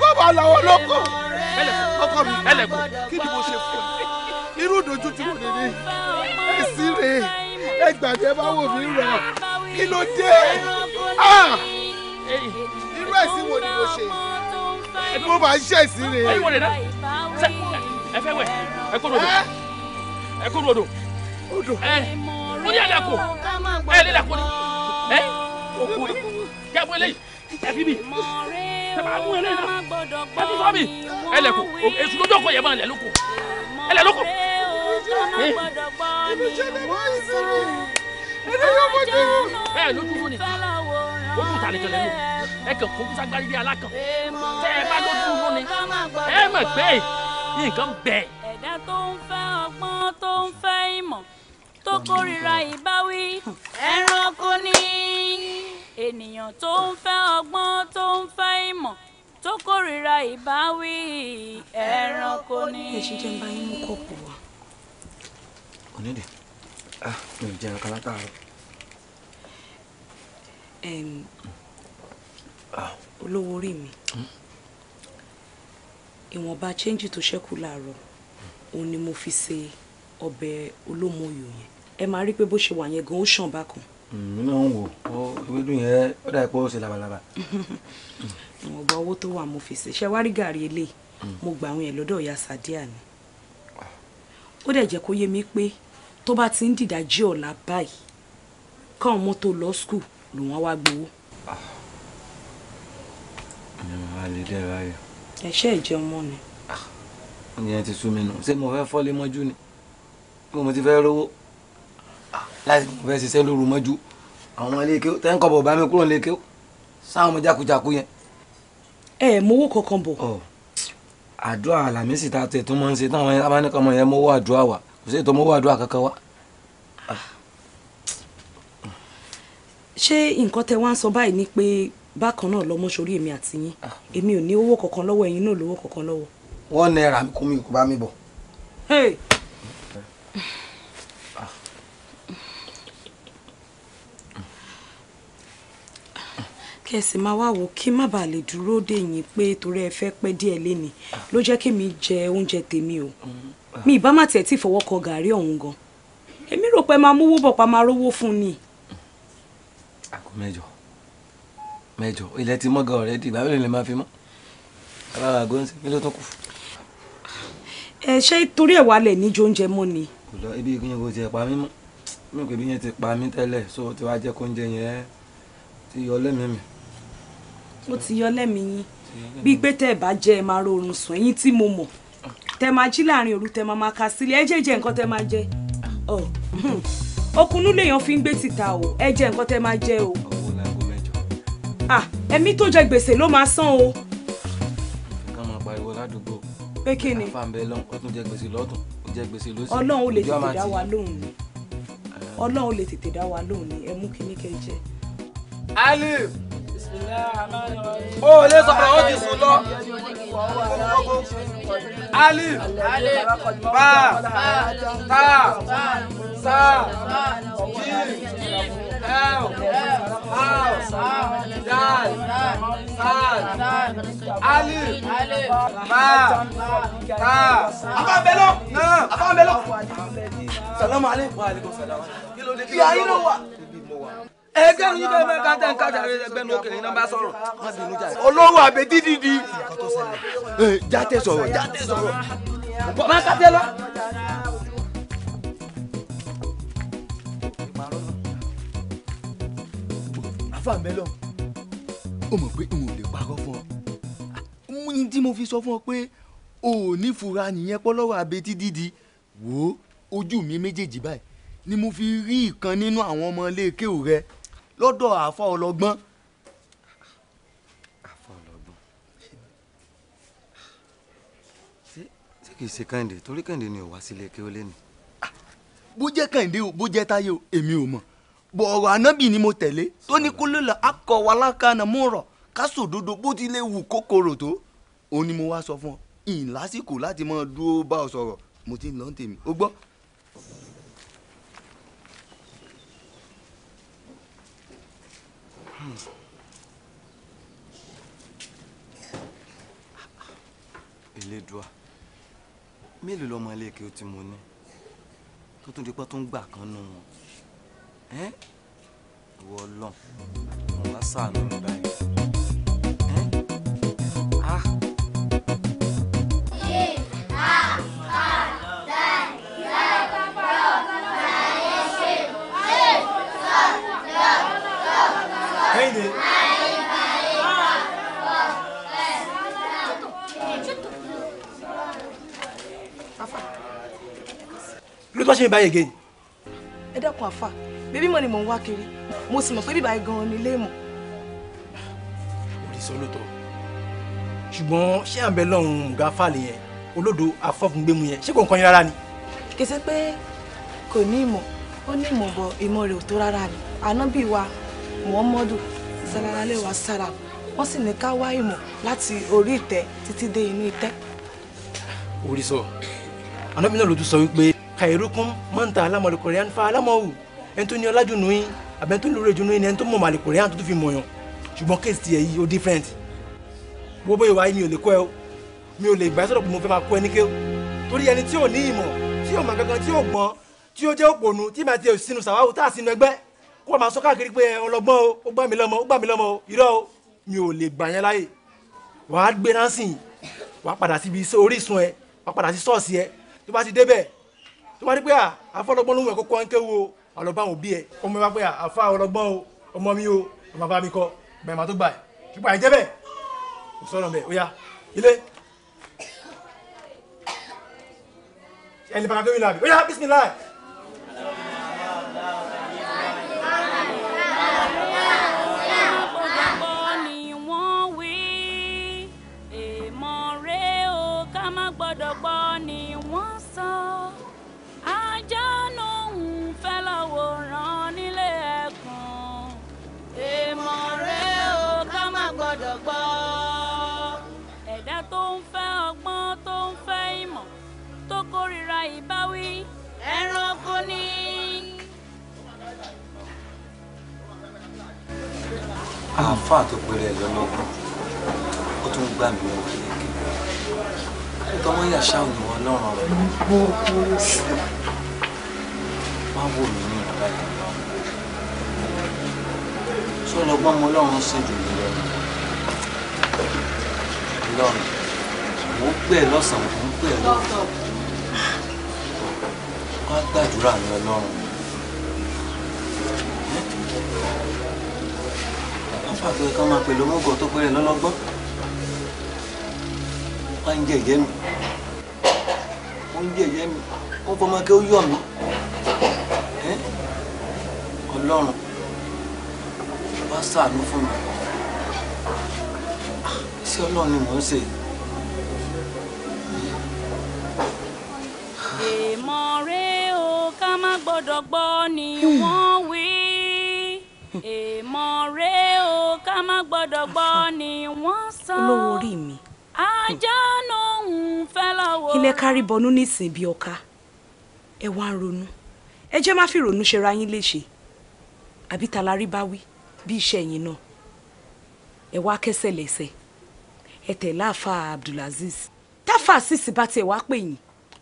kọ́ba làwọn lọ́kọ̀ ọkọ mi ẹlẹ́kùn kí ni mo ṣe fún ẹ irú ìdójú tí mo lè ní èsì rè é ẹgbàgbé bá wò mí rọ kí ló dé irú ẹ̀sìn wo ni mo ṣe mo máa ń ṣẹ̀sì rè é. ẹ fẹ́ wẹ̀ ẹ kó rodo ẹ kó rodo ẹ mo ní ẹlẹ́kùn ẹ lè dàkú ni ẹ òkú ẹ jábọ̀ eléyìí ẹ fi mi ẹ máa mú eléyìí náà ẹ tún sọ mi ẹ lẹ èsù lójú ọkọ yẹn máa lẹ lóko ẹ lóko. ìlú ló ń sinmi o tún ta nìkan lẹ́nu ẹ kàn kó kúta gbárí bí tẹ ẹ bá lójú wo ni ẹ mọ̀ pé nǹkan bẹ̀. ẹ̀dá tó ń fẹ́ ọgbọ́n tó ń fẹ́ ìmọ̀ tó kórìíra ìbáwí ẹranko ni ènìyàn tó ń fẹ́ ọgbọ́n tó ń fẹ́ ìmọ̀ tó kórìíra ìbáwí ẹranko ni. ẹ ṣe jẹ́ bá yín mú kọ́ọ̀pù wa. onídìí ah mi ò jẹun kan látàárọ̀. Ah. olówó orí mi hmm? ìwọ̀nba chẹ́ńjì tó ṣẹ́kù láàárọ̀ òun ni mo fi ṣe ọbẹ̀ olómoyò yẹn ẹ máa rí pé bó ṣe wà yẹn gan ó ṣàn bákan mi náà ń wò ó ewédú yẹn ó dà pé ó ṣe labalábá. àwọn ọba owó tó wà mo fi ṣe ṣe wárí gàrí eléyìí mo gbà àwọn yẹn lọ́dọ̀ ìyá Sàdíà ni ó dẹ̀ jẹ́ kó yé mi pé tó bá ti ń dìdájí ọ̀la báyìí káwọn ọmọ tó lọ skul lòun á wá gbowó. ẹ dẹ́ báyọ̀. ẹ ṣe ìjẹun mọ́ ni. ìyẹn ah, ti sú mi nù ṣé mo fẹ́ fọ́lé mọ́jú ni bí mo ti fẹ́ rówó láti fẹ́ ṣiṣẹ́ lóru mọ́jú àwọn iléeké tẹ́ńkọ̀ bọ̀ bá mi kúrò níléeké sáwọn ọmọ jákujàku yẹn. ẹ ẹ mowó kankan bọ̀. àdúrà àlàmísì tá a tẹ̀ tó máa ń ṣe táwọn abánikọ́mọ yẹn mowó àdúrà wa kò sí ètò mowó àdúrà kankan wa. Ah. ṣé nǹkan tẹ wá ń sọ báyìí ni pé bákan náà lọmọ sórí èmi àti yín ah. èmi ò ní owó kankan lọ́wọ́ ẹ̀yin náà lówó kankan lọ́wọ́. wọ́n náírà kún mi kó bá mi bọ̀. kẹsì máa wá wò kí má bàa lè dúró dè yín pé torí ẹ fẹ́ pẹ́ díẹ̀ lénìí ló jẹ́ kí mi jẹ oúnjẹ tèmi o mi ìbá má tiẹ̀ tí fọwọ́ kan gàárì ọ̀hún gan èmi rò pé máa múwó bọ̀ pa máa rówó fún ni. àgọ́ mẹ́jọ mẹ́jọ ilẹ̀ ti mọ́gà ọ̀rẹ́ di ìgbà mélòó lè máa fi mọ́ alára àgọ́ ńsẹ́ kí ló tún kù. ẹ ṣé torí ẹ̀ wálẹ̀ níjó oúnjẹ mọ́ ni. kò lọ ibi ìgbìyànjú kò tiẹ̀ pa mí mọ́ mi ò pé bí yẹn ti pa mí tẹ́lẹ̀ so ti wá jẹ́ kó oúnjẹ yẹn ti yọ lẹ́mìí mi ó ti yọ lẹ́mìí yín bíi pé tẹ́ ẹ̀ bá jẹ́ ẹ máa rọrùn sùn ẹ̀yìn tí mo mọ̀ tẹ́ máa jí láàrin òru tẹ́ máa máa ka sílé ẹ jẹ́ nǹkan tẹ́ máa jẹ okunú lèèyàn fi ń gbé tìta o ẹ jẹ́ nǹkan tẹ́ máa jẹ o ẹ̀mí tó jẹ gbèsè ló máa san o. ká máa pariwo ládùúgbò pé kí ni àfàǹbẹ lọ́tún tún jẹ gbèsè lọ́tún ó jẹ gbèsè lọ́sì ọlọ́run ó lè tètè dá wa lóhùn ni ọlọ́run ó lè tètè dá wa lóhùn ni ẹ mú kíní jẹ. alif o lè sọ̀rọ̀ o ti sùn lọ. Ali, ba ta sa jim el al dal al ali, ba ta. afa bẹlọ afa bẹlọ. salamu aleykum. wa aleykum salaam. kí ló dé kí ló ẹgbẹ́ yín bẹ́ẹ̀ bẹ́ẹ̀ kájà kájà rẹ ẹgbẹ́ ní òkè iná bá sọ̀rọ̀ olówó àbẹ dídìdì jáde sọ̀rọ̀ jáde sọ̀rọ̀ máa kájẹ lọ. àfa mẹ́lọ̀ o mọ̀ pé n ò lè parọ́ fún ọ ní tí mo fi sọ fún ọ pé o ò ní fura nìyẹn pọ́ lọ́wọ́ àbẹ wò ó ojú mi méjèèjì báyìí ni mo fi rí ìkan nínú àwọn ọmọ ilé kéwù rẹ lọ́dọ̀ àfọ ọlọ́gbọ́n. àfọ ọlọ́gbọ́n ṣé kìí ṣe kàǹdé torí kàǹdé ni ò wá sílé kí ó lé ni. Ah, bó jẹ́ kàǹdé o bó jẹ́ táyé o èmi ò mọ̀ bọ̀ ọ̀rọ̀ ànábì ni mo tẹ̀lé tó ní kúlẹ̀ là á kọ̀ wá lákàánà mú rọ̀ ká sòdodo bó ti lè wù kókòrò tó òun ni mo wá sọ fún ọ ìlàsìkò láti máa dúró bá ọ sọ̀rọ̀ mo ti ń tèmi ó gbọ́. Elédùà mélòó lọmọ iléèké ó ti mo ní tó tún di pọ́ tó ń gbà kan nù wọn ìwọ ọlọ́run wọn wá sáà nù báyìí. because you buy again. ẹ dákun àfa bébí mọ̀ ni mò ń wá kiri mo sì mọ̀ pé bíbá gan-an ni ilé mọ̀. orí sọ lóòótọ́ ṣùgbọ́n ṣé à ń bẹ lọ́hùn-ún mùgá fàlẹ̀ yẹn olódò afọ́fúngbẹ́mu yẹn ṣé kò ń kọ́ yín rárá ni. kì í ṣe pé kò ní ìmọ̀ ó ní ìmọ̀ bọ̀ ìmọ̀ rẹ̀ ò tó rárá ni ànábì wa muhammadu salalale wa sara wọ́n sì ní ká wá ìmọ̀ láti orí ìtẹ́ títí dé inú ìtẹ́. orí sọ ànábì náà ló tún sọ wípé kàìrókún mọ́ǹtà alámọ̀lẹ́kọ̀rẹ́ ànfà alámọ̀wù ẹni tó ní ọlájú nù yín àbẹ́ni tó lóore jù nù yín ni ẹni tó mọ̀ màlẹ́kọ̀rẹ́ àtúntò fi mọ̀ yàn ṣùgbọ́n kéèsì tiẹ̀ yìí ó different wo bóyá wáyé mi ò lè kọ́ ẹ o mi ò lè gbà sọ̀rọ̀ pé mo fẹ́ máa kọ́ ẹ níkẹ́ o torí ẹni tí ò ní ìmọ̀ tí ò mọ̀ gangan tí ò gbọ́n tí ó jẹ́ òpònú tí màá tiẹ̀ sínú sàwáwò tá a sínú ẹgbẹ́ kó o máa sọ káàkiri pé ọlọ́gbọ́n o ó gbà mí lọ́mọ ó gbà mí lọ́mọ o irọ́ o mi ò lè gbà yẹn láyè wàá gbé náà sìn wàá padà síbi orísun ẹ wàá padà sí ṣọ́ọ̀ṣì ẹ tó bá ti débẹ̀ tó bá dé pé ah, àfọlọ́gbọ́n ló ń wẹ̀ kó kọ́ ń kéwu o àlọ́bá àwọn òbí ẹ̀ ọmọ bá pé ah, àfa ọlọ́gbọ́n o ọmọ mi o ọmọ bá mi kọ bẹ̀rẹ̀ màá tó gbà ẹ̀ ṣùgbọ́n àìjẹ́ bẹ́ẹ̀ kò sọ̀rọ̀ bẹ́ẹ̀ ó yá ilé ẹni bàbá tó yín láàbì ó yá bísí àáfàá tó péré lọ́lọ́gbọ́n ó tún gbà mí wọ kéèké nítorí wọ́n yà ṣáà ní wọn lọ́rùn rẹ̀ má wò mí ní ìrọ̀lá ìtọ́lọ́ tó lọ́gbọ́n mo lọ́rùn sí jù mí lọ́rùn lọ́rùn mò ń pè lọ́sàn-án mò ń pè lọ́sàn-án gbàdúrà ní ọlọ́run fàtó ẹ̀ka máa pẹ̀lú ọmọgọ̀ tó pẹ́rẹ́ lọ́lọ́gbọ́n wọ́n ń jẹ̀jẹ́ mi wọ́n ń jẹ̀jẹ́ mi wọ́n fọmọ kí ó yọ̀ mí ọlọ́run wá ṣàánú fún mi sí ọlọ́run ni mò ń ṣe. èèmọ̀ rẹ̀ o ká má gbọ́dọ̀ gbọ́ ni hmm. wọ́n wí èèmọ̀ rẹ̀ tá a má gbọ́dọ̀ gbọ́ ni wọ́n sọ. olówó orí mi. àjọnù ń fẹ́ lọ́wọ́. ilé kárí bọnú nísìn bíi ọ̀ka ẹ wá ń ronú ẹ jẹ́ má fi ronú ṣe ra yín léṣe àbí ta la rí bá wí bí iṣẹ́ yín náà ẹ wá kẹsẹ̀ lẹ́sẹ̀ ẹ tẹ̀lé àfa Abdulaziz táfà sísì bá tiẹ̀ wá pè yín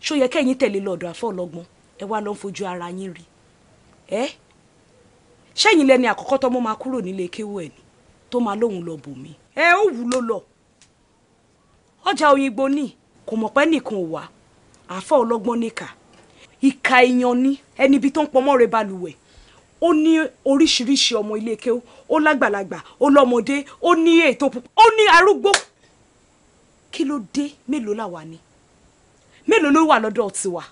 ṣó yẹ kẹ́yìn tẹ̀lé lọ́dọ̀ àfọ́ ọlọ́gbọ́n ẹ wá lọ ń fojú ara yín rí ẹ ṣẹ́yìn lẹni àkọ́kọ́ tọ́mọ́ máa kúrò nílé kéwú ẹ̀ ni tó máa lóun lọ bò mí ẹ ó wù ló lọ ọjà òyìnbó ni kò mọ̀ pé nìkan ò wá àáfà ọlọ́gbọ́n níkà ìka èèyàn ni ẹni ibi tó ń pọnmọ́ rẹ̀ balùwẹ̀ ó ní oríṣiríṣi ọmọ ilé kéwú ó lágbàlagbà ó lọ́mọdé ó ní ètò pupa ó ní arúgbó kí ló dé mélòó làwa ni mélòó ló wà lọ́dọ̀ tiwa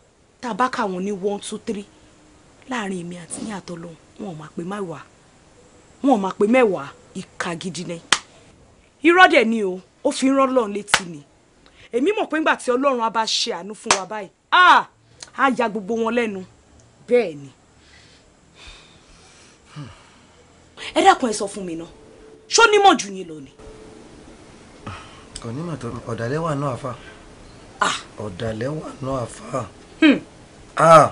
tá a bá kà wọ́n ní one two three láàrin èmi àti ní àtọ́lọ́hún wọn ò máa pè mẹ́wàá wọn ò máa pè mẹ́wàá ìka gidi ni irọ́ dẹ̀ ni o ó fi ń rán Ọlọ́run létí ni èmi mọ̀ pé ńgbà tí Ọlọ́run á bá ṣe àánú fún wa báyìí ah, á ya gbogbo wọn lẹ́nu bẹ́ẹ̀ ni ẹ dákun ẹ sọ fún mi náà ṣó nímọ̀ jù yín lọ ni. onímọ̀ tó ọ̀dàlẹ̀ wà náà àfa ah. ọ̀dàlẹ̀ wà náà àfa hmm. ah.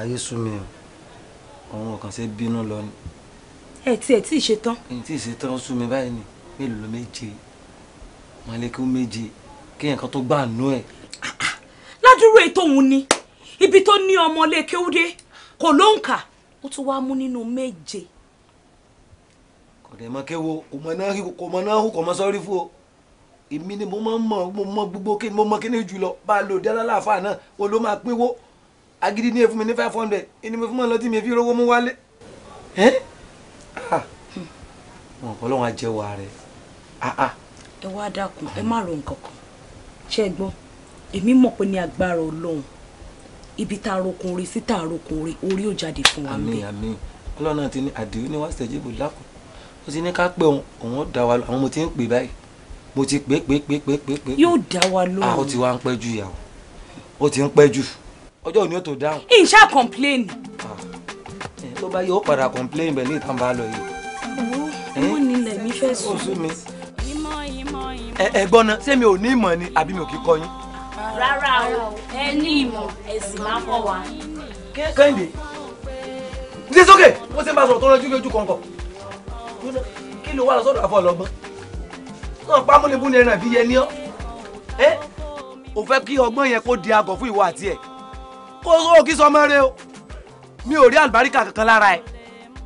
ayé sú mi o òun ò kàn ṣe bínú lọ ni ẹ tí ẹ tí ì ṣetán. ẹ tí ì ṣetán ó sún mi báyìí ni mélòó ló méje màlẹ́kẹ́ ó méje kéèyàn kan tó gbà nú ẹ̀. Ah, ah. ládùúrò ètò òun ni ibi tó ní ọmọ lẹ́kẹ́wúdé kò ló ń kà ó tún wáá mú nínú méje. kò dẹ̀ kò mọ náà kò mọ náà kò mọ sọ́rí fún o èmi ni mo máa ń mọ mo mọ gbogbo kí mo mọ kíní jùlọ bá a lò dáadáa láàfáà náà o ló máa pínwó agídí ní efun mi ní five hundred ẹni mo fún mọ lọtí mi fi rówó mú wálé. Eh? Ah. wọn kọ́ lọ́wọ́ ajẹ́wà rẹ̀ ah, ah. ẹ wá dákun ẹ má ro nǹkan kan ṣe é gbọ́n èmi mọ̀ pé ní agbára ọlọ́run ibi tá a rokun orí sí tá a rokun orí orí ò jáde fún wa mi. àmín àmín ọlọ́run náà ti ní àdéhùn ní wàásù ẹ̀jẹ̀ bò lákùn ó ti ní ká pé òun òun dá wa lọ àwọn mo ti ń pè báyìí mo ti pè pè pè pè pè pè. yóò dá wa lóhùn. a ó ti wá ń pẹ́ ju ìyàwó ó ti ń pẹ́ jù ọjọ́ òní ó tó dáhùn. ìṣá complain tó bá yẹ ó padà complain bẹ̀ ìtàn bá lọ yìí. wọ́n nílẹ̀ mi fẹ́ sùn. oṣù mi ẹ̀gbọ́n náà ṣé ò ní ìmọ̀ ni àbí mi ò kí kọ́ yín. rárá o ẹ ní ìmọ̀ ẹ̀sìn máa kọ́ wa. kẹ́hìndé ní sókè ó ṣe máa sọ̀rọ̀ tó rẹ́jú lójú kọ̀ọ̀kan kí ló wà lọ sọ́dọ̀ náà pámúlébú ni ẹran àbí yẹ ní ọ́ ẹ́ ò fẹ́ kí ọgbọ́n yẹn kó di agọ̀ fún ìwọ àti ẹ̀ kó o kí sọ ọmọ o mi ò rí àlùbáríkà kankan lára ẹ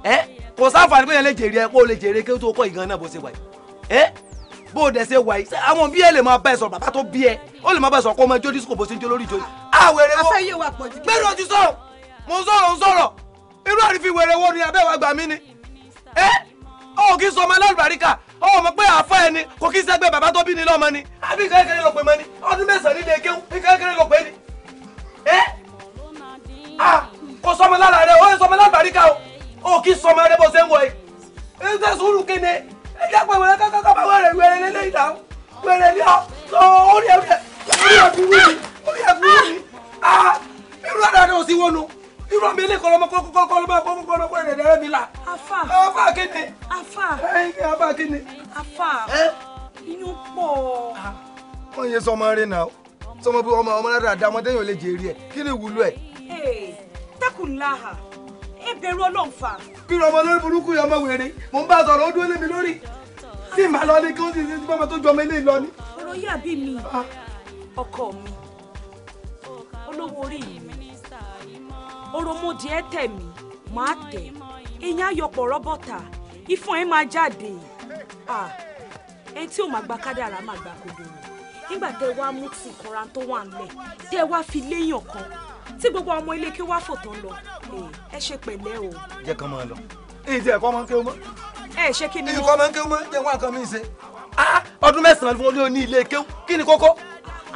ẹ kò sáfàní pé yẹn lè jèrè ẹ kó o lè jèrè kí o tó kọ ìgan náà bó ṣe wà yìí ẹ bó o dẹ̀ ṣe wà yìí àwọn bí ẹ lè máa bá ẹ sọ̀rọ̀ bàbá tó bí ẹ ó lè máa bá ẹ sọ̀rọ̀ kó o máa jó disco bó ṣe ń jó lórí ìjó àwẹ̀rẹ̀ wo bẹ́ẹ̀ ló ti sọ̀rọ̀ mo ń sọ̀rọ̀ ń sọ̀rọ̀ irú àrífi wẹ̀rẹ̀ wo ni abẹ́wà gbà mí ni ẹ ọ kì í sọ ọmọ alálùbáríkà ọ mọ̀ pé àáfà ẹ ni kò kí í sẹ́gbẹ́ bàbá tó bí ni lọ́mọ ni àbí kékeré ló pè mọ́ ni ọdún mẹ́sàn-án nílé kéwú kékeré ló pè ni ẹ ah kò sọmọ lára rẹ o sọmọ lágbàríkà o o kì sọmọ rẹ bó ṣe ń wọ yìí ẹ ṣe sùúrù kéne ẹ jẹ́ pé wẹ́rẹ́ kọ́kọ́ bá wẹ́rẹ́ wẹ́rẹ́ lélẹ́ ìdáhùn wẹ́rẹ́ ní ọ sọ orí ẹ orí ẹ burú mi orí ẹ burú mi ah irú àdá ni o sì wọnú irú àmì ilé kọlọmọ kọlọmọ kọlọmọ wẹ́rẹ́ rẹ mi là. afa afa kéne. afa afa kéne. afa inú pọ̀. wọ́n yẹ sọmọ rẹ̀ náà sọmọ bí ọmọ ọmọ rẹ̀ dáadáa ọmọdé yóò lè jèrè ẹ̀ kí ni ìwúlò ẹ̀ wàtàkùnláhà ẹ bẹ̀rù ọlọ́run fà. kí ni ọmọ lórí burúkú yọ ọmọ wèrè mò ń bá a sọ̀rọ̀ ó dúró lé mi lórí tí màá lọ ní kí wọ́n ti ṣe fọ́mọ tó jọmọ eléyìí lọ ni. ọ̀rọ̀ yà bí mi ah. ọkọ mi olówó orí mi òròmọdì ẹ tẹ̀ mí màá tẹ̀ eyín ayọ̀pọ̀ rọ́bọ̀tà ìfọ̀n ẹ máa jáde ah. ẹ tí ò máa gba kádàrá máa gba kòdòrò nígbà tẹ wá mú tì tó wà ń lẹ̀ tẹ wá fi léyàn kan tí gbogbo ọmọ ilé kí wá fòtán lọ ẹ ṣe pẹ̀lẹ́ o. jẹ́ kán máa lọ èyí tí ẹ̀kọ́ máa ń kéwọ́ mọ́. ẹ ṣe kí ni mo. ìkọ́ máa ń kéwọ́ mọ́ jẹ́ wọn àkàn ṣe. Ah, ọdún mẹ́sàn-án fún olóyún ní ilé kéwọ́ kí ni kókó.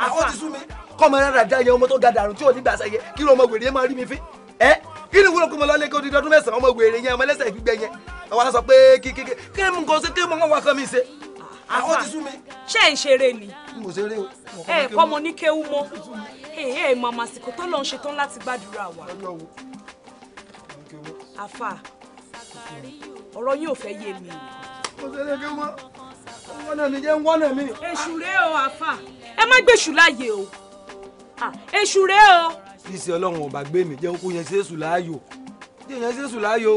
àwọn ti sú mi kọ́mọ rẹ̀ ràjà yẹn ọmọ tó ga dàrú tí ò ní gbà sẹ́yẹ kí ló ọmọ wèrè máa rí mi fín. ẹ kí ni wúlò kó mo lọ lé kó di ọdún mẹ́sàn-án ọmọ wèrè yẹn ọmọ ẹlẹ́sẹ̀ gbígbẹ yẹn àfa ṣé ẹ̀ ń ṣeré ni ẹ kọ́ mo ní kéwú mọ́ ẹ ẹ mọ àmàsìkò tó lọ́n ṣe tán láti gbàdúrà wa àfa ọ̀rọ̀ yín ò fẹ́ yé mi. mo ṣe lè kéwú mọ́ wọ́n náà mi jẹ́ wọ́n náà mi. èṣù rèé o àfa ẹ má gbèṣù láàyè o èṣù rèé o. bí ìsìn ọlọ́run ọba gbé mi jẹun kó yẹn ṣe é sùn láàyò jẹ́ yẹn ṣe é sùn láàyò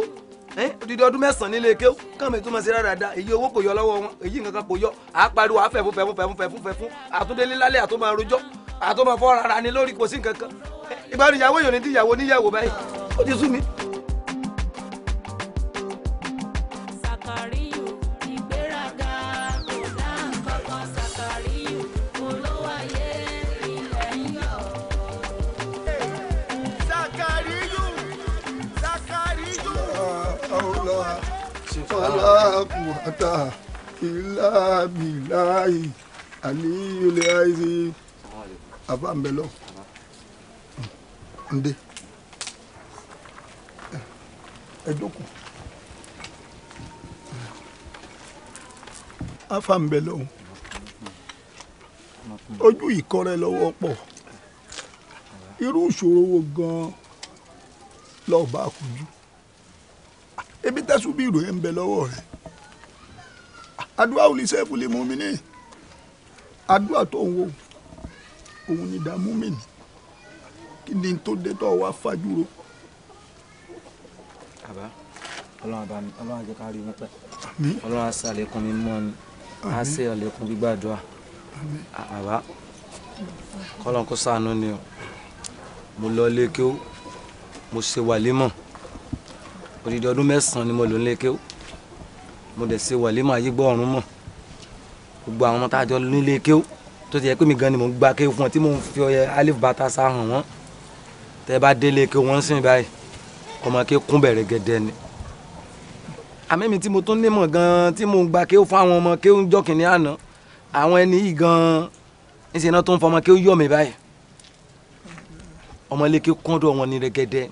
odidi ọdún mẹ́sàn-án nílé kéw káàmì tó máa ṣe ráráda èyí owó kò yọ lọ́wọ́ wọn èyí nǹkan kan kò yọ à pariwo àfẹ̀fún fẹ̀fún fẹ̀fún fẹ̀fún fẹ̀fún àtúndélé lálẹ́ àtúmọ̀ àròjọ́ àtúmọ̀ fọ́ rárá ni lórí kò sí nǹkan kan ìgbàlùyàwó yòó ni díyàwó níyàwó báyìí ó ti sú mi. aláàbùwátà ìlàbìláì àlíyìlẹ̀ àìsí àbámbẹ́lọ́ ǹdẹ́ ẹ jókòó àfàǹbẹ̀lọ́ ojú ìkọrẹ́ lọ́wọ́ pọ̀ irú ìṣòro wo gan-an kojú ebi tẹ̀sùn bí ìròyìn ń bẹ lọ́wọ́ rẹ̀ àdúrà ò lè sẹ́ẹ̀fù lè mú mi ní àdúrà tó ń wò òun ni dààmú mi ní kí ni tó dé tó wá fajúro. àbá ọlọ́run àbá mi ọlọ́run àjẹká rí mi pẹ́ ọlọ́run àṣà àlékún mi mọ́ ni á ṣe àlékún gbígbàdúrà àbá kọ́lọ́n kó ṣàánú ni o mo lọ ilé kí ó mo ṣe wàlímọ̀ odidi ọdún mẹ́sàn-án ni mo lò nílé kéwú mo dẹ̀ ṣe wàlímà ayé gbọ́ ọ̀run mọ̀ gbogbo àwọn ọmọ tá a jọ nílé kéwú tó ti yẹ pé mi gan ni mò ń gba kéwú fún ọ tí mò ń fi ọyẹ alif bàtà sá hàn wọ́n tẹ́ bá délé kéwú wọ́n sìn báyìí ọmọ kéwú kún bẹ̀rẹ̀ gẹ̀dẹ̀ ni àmẹ́mi tí mo tún nímọ̀ gan tí mò ń gba kéwú fún àwọn ọmọ kéwú jọ́kìnní àná àwọn ẹni yìí gan ń ṣe iná tó ń fọmọ kéwú yọ̀ mí báyìí ọmọléke kúndùn wọn ní rẹ́gẹ́dẹ́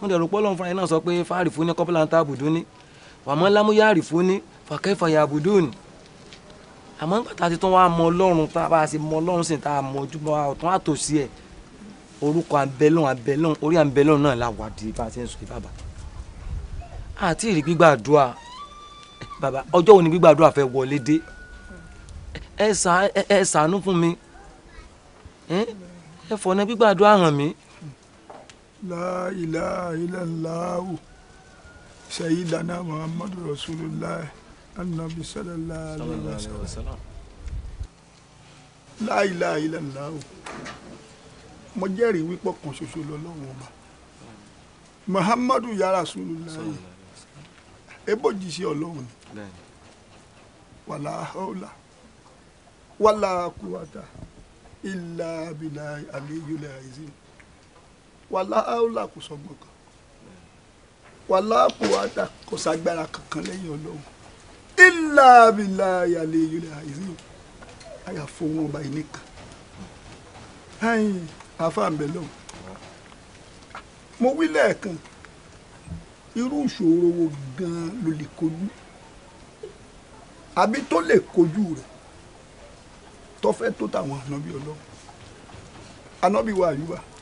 wọ́n dẹ̀rù pọ́lọ́n fúnra yẹn náà sọ pé fáàrì fún ní kọ́pọ́lá ń ta àbùdó ní wàmọ́ lámúyàrì fún ní fàkẹ́fà yà àbùdó ní. àmọ́ nígbà tá a ti tún wá mọ ọlọ́run tá a bá a ṣe mọ ọlọ́run sì tá a mọ ojúmọ́ ọ̀tún àtòsí ẹ̀ orúkọ abẹ́lọ́n abẹ́lọ́n orí abẹ́lọ́n náà la wà di bá a ṣe ń sọ ìbàbà. àti ìrì gbígbàdúrà bàbá ọjọ́ òní gbígbàdúrà fẹ́ wọlé dé ẹ ṣàánú fún mi ẹ fọ̀nà gbígbàdúrà hàn mí la ilaha illallahu sayyidana muhammadu rasulullah annabi sallallahu alaihi wasallam la ilaha illallahu mo jẹ́rìí wípé kan ṣoṣo lọ́lọ́run ọba muhammadu ya rasulullah ebójì sí ọlọ́run ni wàlá haula wàlá quwata illa billahi aliyul azim wàláhàlà kò sọgbọ́n kan wàláàpù àdà kò ságbára kankan lẹ́yìn ọlọ́run ilà abilà ayàlẹ ìyọlẹ àìsàn àyàfọ wọn ọba yìí nìkan ẹ̀yìn àfàǹbẹ̀lọ́ mo wí lẹ́ẹ̀kan irú ìṣòro wo gan-an ló lè kojú àbí tó lè kojú rẹ̀ tó tó tàwọn ànábì ọlọ́run ànábì wa àyùbá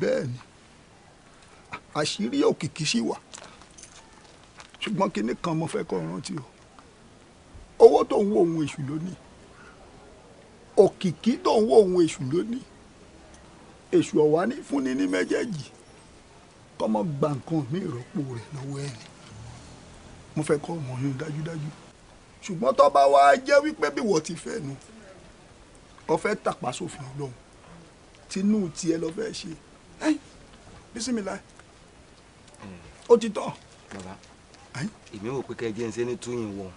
bẹ́ẹ̀ni àṣírí òkìkí sì wà ṣùgbọ́n kinní kan mo fẹ́ kọ́ rántí o owó tó ń wo òun èṣù lónìí òkìkí tó ń wo òun èṣù lónìí èṣù ọ̀wá ní fúnni ní méjèèjì kọ́mọ gba nǹkan mi ìrọ́pò rẹ̀ lọ́wọ́ ẹni mo fẹ́ kọ́ ọmọ yín dájúdájú ṣùgbọ́n tó bá wá jẹ́ wípé bí wọ́n ti fẹ́ nu ọ fẹ́ tàpá sófin ọlọ́run tinú tiẹ̀ lọ ṣe bisimilayi ó hmm. ti tọ́. bàbá èmi wò pé kẹjẹ ń ṣe ní túyìn wọn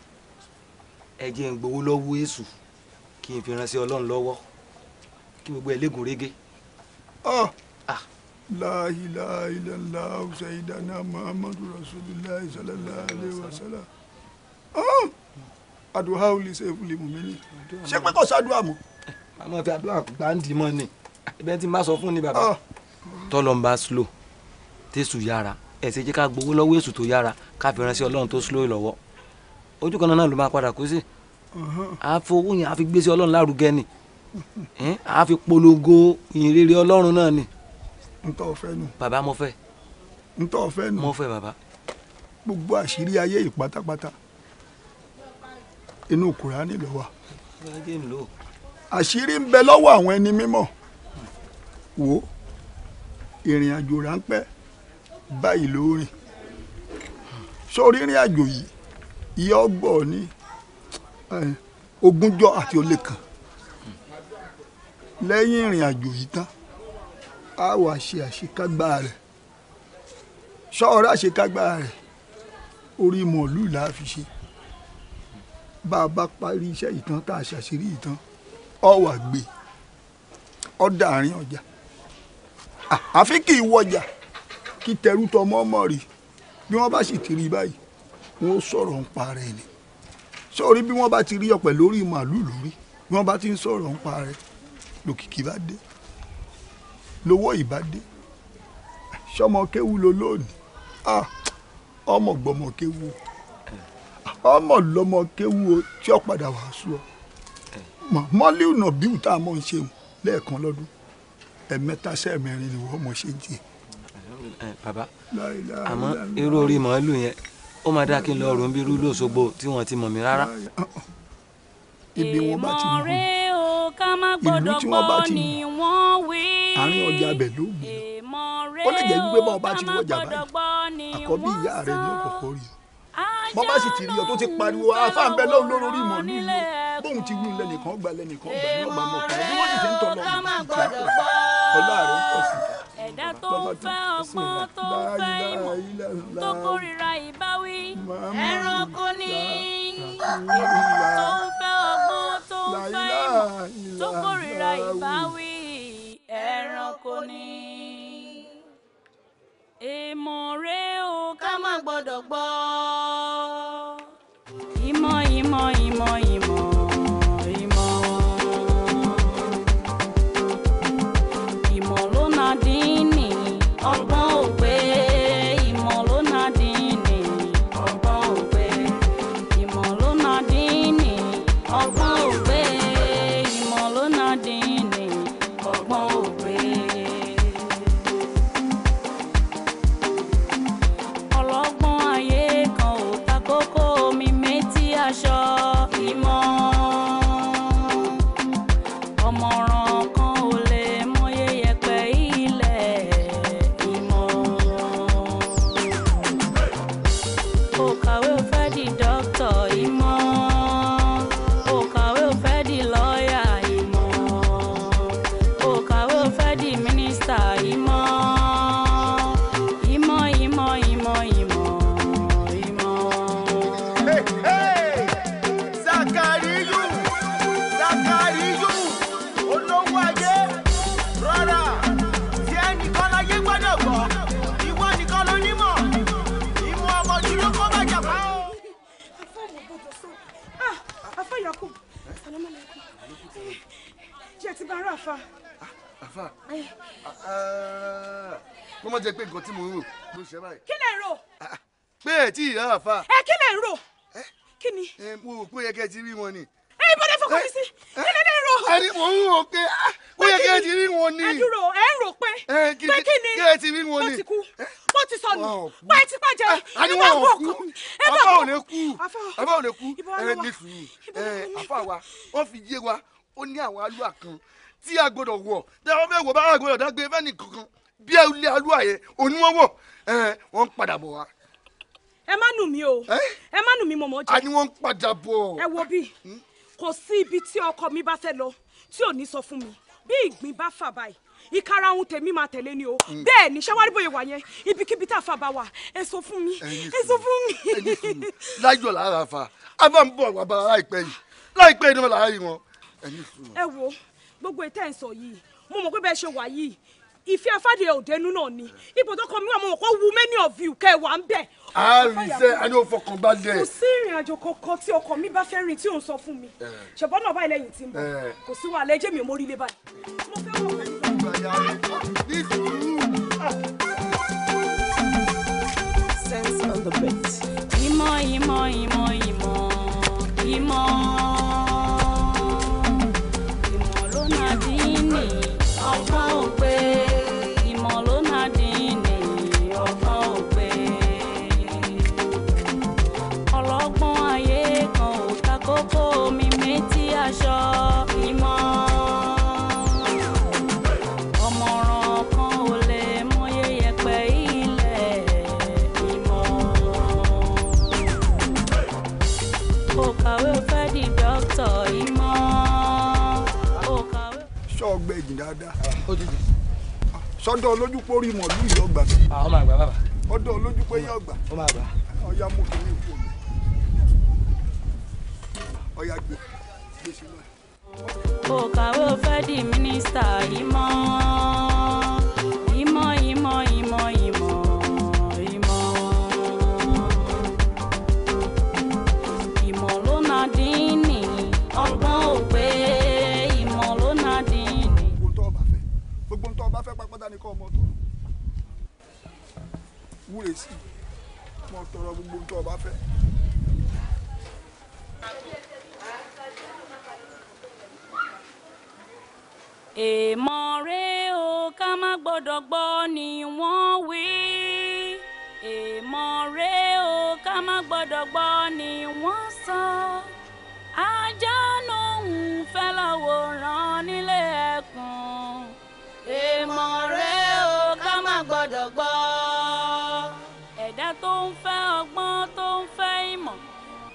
ẹ jẹ́ ń gbowó lọ́wọ́ èṣù kí n fi ránṣẹ́ ọlọ́run lọ́wọ́ kí gbogbo ẹ légun régé. ọ láìláìlá ṣàìdáná muhammadu rasulillah sallallahu alayhi wa sallam oh. àdúrà ò lè ṣe ìfúnlẹ mùmí ni ṣé pé kò sádùá mọ́. màmá eh, fi àdúrà gbàǹdì mọ́ ni ibẹ̀ tí n bá sọ fún ni bàbá. Oh tọ́lọ́mbà slow tẹ̀sù yára ẹ̀ ṣe jẹ́ ká gbowó lọ́wọ́ èṣù tó yára ká fi ránṣẹ́ ọlọ́run tó slow lọ́wọ́ ojú kan náà ló máa padà kó sí àfowó yẹn àfi gbèsè ọlọ́run lárugẹ ni àfi polongo ìrere ọlọ́run náà ni. n tọ́ fẹ́ nù. bàbá mo fẹ́. n tọ́ fẹ́ nù. mo fẹ́ bàbá. gbogbo àṣírí ayé yìí pátápátá inú kùránì ló wà. àṣírí ń bẹ lọ́wọ́ àwọn ẹni mímọ́ wò ó ìrìn àjò ráńpẹ́ báyìí ló rìn sórí ìrìn àjò yìí ìyá ọgbọ ní ogúnjọ́ àti olè kan lẹ́yìn ìrìn àjò yìí tán a wà ṣe àṣekágbá rẹ̀ sọ́ọ̀rọ̀ àṣekágbá rẹ̀ orí mọ̀ọ́lù là á fi ṣe bá a bá parí iṣẹ́ ìtàn tá a ṣàṣírí ìtàn ọ̀ wà gbé ọ̀ dàárín ọjà àfi kì í wọjà kí tẹrú tọmọ ọmọ rí bí wọ́n bá sì ti rí báyìí wọ́n sọ̀rọ̀ ń pa rẹ̀ ni sọ̀rí bí wọ́n bá ti rí ọ̀pẹ̀ lórí màálù lórí bí wọ́n bá ti ń sọ̀rọ̀ ń pa rẹ̀ lòkìkí bá dé lówó ìbá dé sọmọ kéwu ló lónìí ọmọ gbọmọ kéwu ọmọ lọmọ kéwu tí ó padà wàásù ọ mọlẹ́ùnà bíù tá a mọ̀ ń ṣeun lẹ́ẹ̀kan lọ́dún ẹ̀mẹ́ta sẹ́ẹ̀mẹ́rin ni wọ́n mọ̀ ṣe ń tiẹ̀. bàbá àmọ́ irú orí màálù yẹn ó máa dá kí n lọ rò ń bí irú lóṣogbo tí wọ́n ti mọ̀ mí rárá. Ah, ah, ah. ibi wọn bá ti mú ìlú tí wọ́n bá àárín ọjà bẹ̀ ló mú ó lè jẹ́ wípé báwọn bá ti wọ́jà báyìí àkọ́bí ìyá rẹ̀ ní ọ̀kọ̀ọ̀kọ̀ rí bọ́ sì ti rí ọ tó ti pariwo afáàn bẹ́ẹ̀ lọ́wọ́ lórí ìmọ̀lú yìí bóun ti wí lẹ́nìkan gba lẹ́nìkan gba ní ọgbà mọ̀ká ẹ̀ bí wọ́n sì ti ń tọ́ lọ ọlọ́ọ̀rẹ́ pọ̀ sí i. ẹ̀dá tó ń fẹ́ ọgbọ́n tó ń fẹ́ ìmọ̀ tó kórìíra ìbáwí ẹranko ni ìmọ̀ tó ń fẹ́ ọgbọ́n tó ń fẹ́ ìmọ̀ tó kórìíra ìbáwí ẹranko ni. èèmọ̀ rẹ o ká má gbọ́dọ̀ gbọ́. ìmọ̀ ìmọ̀ ìmọ̀ ìmọ̀. káàárọ̀ àfa. Ah, àfa wọ́n ah, máa jẹ pé nǹkan tí mo ń rò ló ṣe báyìí. kí lè rò. Ah, pé ẹ tí ìyá àfa. ẹ kí lè rò. Eh? kí ni. Eh, mo rò pé ó yẹ kẹ́ ẹ ti rí wọn ni. ẹ ìbọn ẹ fọkàn mi sí eh? kí lè rò. a ní mò ń rò pé ó yẹ kẹ́ ẹ ti rí wọn ni. ẹ dúró ẹ ń rò pé pé kí ni kẹ́ ẹ ti rí wọn ni. mo ti kú mo ti sọnù pa ẹ ti pàjẹ́ ẹ bá wọ̀ kú ẹ bá wọ̀ kú àfa ò lè kú ẹ ní sùúrù àfa wa wọ́n fi yé wa ó ní àwọn alúwa kan tí a gbọ́dọ̀ wọ̀ dáwọ́ mẹ́wọ̀ bá a gbọ́dọ̀ dágbé fẹ́ni kankan bí ẹ lé alúwa yẹ oníwọ̀n wọ̀ ẹ wọ́n ń padà bọ̀ wá. ẹ má nù mí o ẹ má nù mí mọ̀mọ́ jẹ. a ní wọ́n ń padà bọ̀. ẹ wo bí hmm? kò sí ibi tí ọkọ mi bá fẹ́ lọ tí ò ní sọ fún mi bí ìgbín bá fà báyìí ìkarahun tèmi máa tẹ̀lé ni o hmm. bẹ́ẹ̀ ni ṣáwárí bóyá wà yẹn ibikíbi tá a fa bá wa ẹ sọ fún mi ẹ sọ fún mi. láyọ̀ lára fa a máa ń bọ̀ wà bá láìpẹ́ yìí láìpẹ́ yìí ni wọ́n láàárín wọn. ẹ wo gbogbo ètò ẹ̀ ń sọ yìí mo mọ̀ pé bẹ́ẹ̀ ṣe wà yìí ìfẹ́ afáde òdenu náà ni ipò tó kọ mí wà mo mọ̀ kó wu many of you wà ń bẹ̀. a rí iṣẹ́ a ní o fọkàn bá dẹ̀. kò sí ìrìn àjò kankan tí ọkọ mi bá fẹ́ rìn tí ò ń sọ fún mi ṣùgbọ́n náà báyìí lẹ́yìn tí ń bọ̀ kò sí wàhálà ẹjẹ́ mi ò mórí lé báyìí. ìmọ̀ ìmọ̀ ìmọ̀ ìmọ̀ ìmọ̀. aṣọ ìmọ̀. ọ̀mọ̀ràn kan ò lè mọyé yẹ̀pẹ̀ ilẹ̀ ìmọ̀. ó kàwé ó fẹ́ di dókítà ìmọ̀. ó kàwé. sọ́ọ̀gbẹ́ ìjìn dáadáa. sọ́dọ̀ olójú pórí mọ̀lú yìí ọgbà. àwọn ah, máa gbà bàbá. ọdọ̀ olójú pé yín ọgbà. ó máa gbà. ọya gbé kò kàwé ó fẹ́ di mínísítà ìmọ̀ ìmọ̀ ìmọ̀ ìmọ̀ ìmọ̀ ìmọ̀ ìmọ̀ ló na dín ní ọgbọ́n òpè ìmọ̀ ló na dín ní. gbogbo ntọ́ ọba fẹ́ gbogbo ntọ́ ọba fẹ́ pápátá ni kọ́ ọmọ tọ́ wúre sí i mo tọrọ gbogbo ntọ́ ọba fẹ́. èèmọ̀ rèé o ká má gbọ́dọ̀ gbọ́ ni wọ́n wí èèmọ̀ rèé o ká má gbọ́dọ̀ gbọ́ ni wọ́n sọ ajá lòun fẹ́ lọ́wọ́ ràn nílé ẹkùn èèmọ̀ rèé o ká má gbọ́dọ̀ gbọ́. ẹ̀dá tó ń fẹ́ ọgbọ́n tó ń fẹ́ ìmọ̀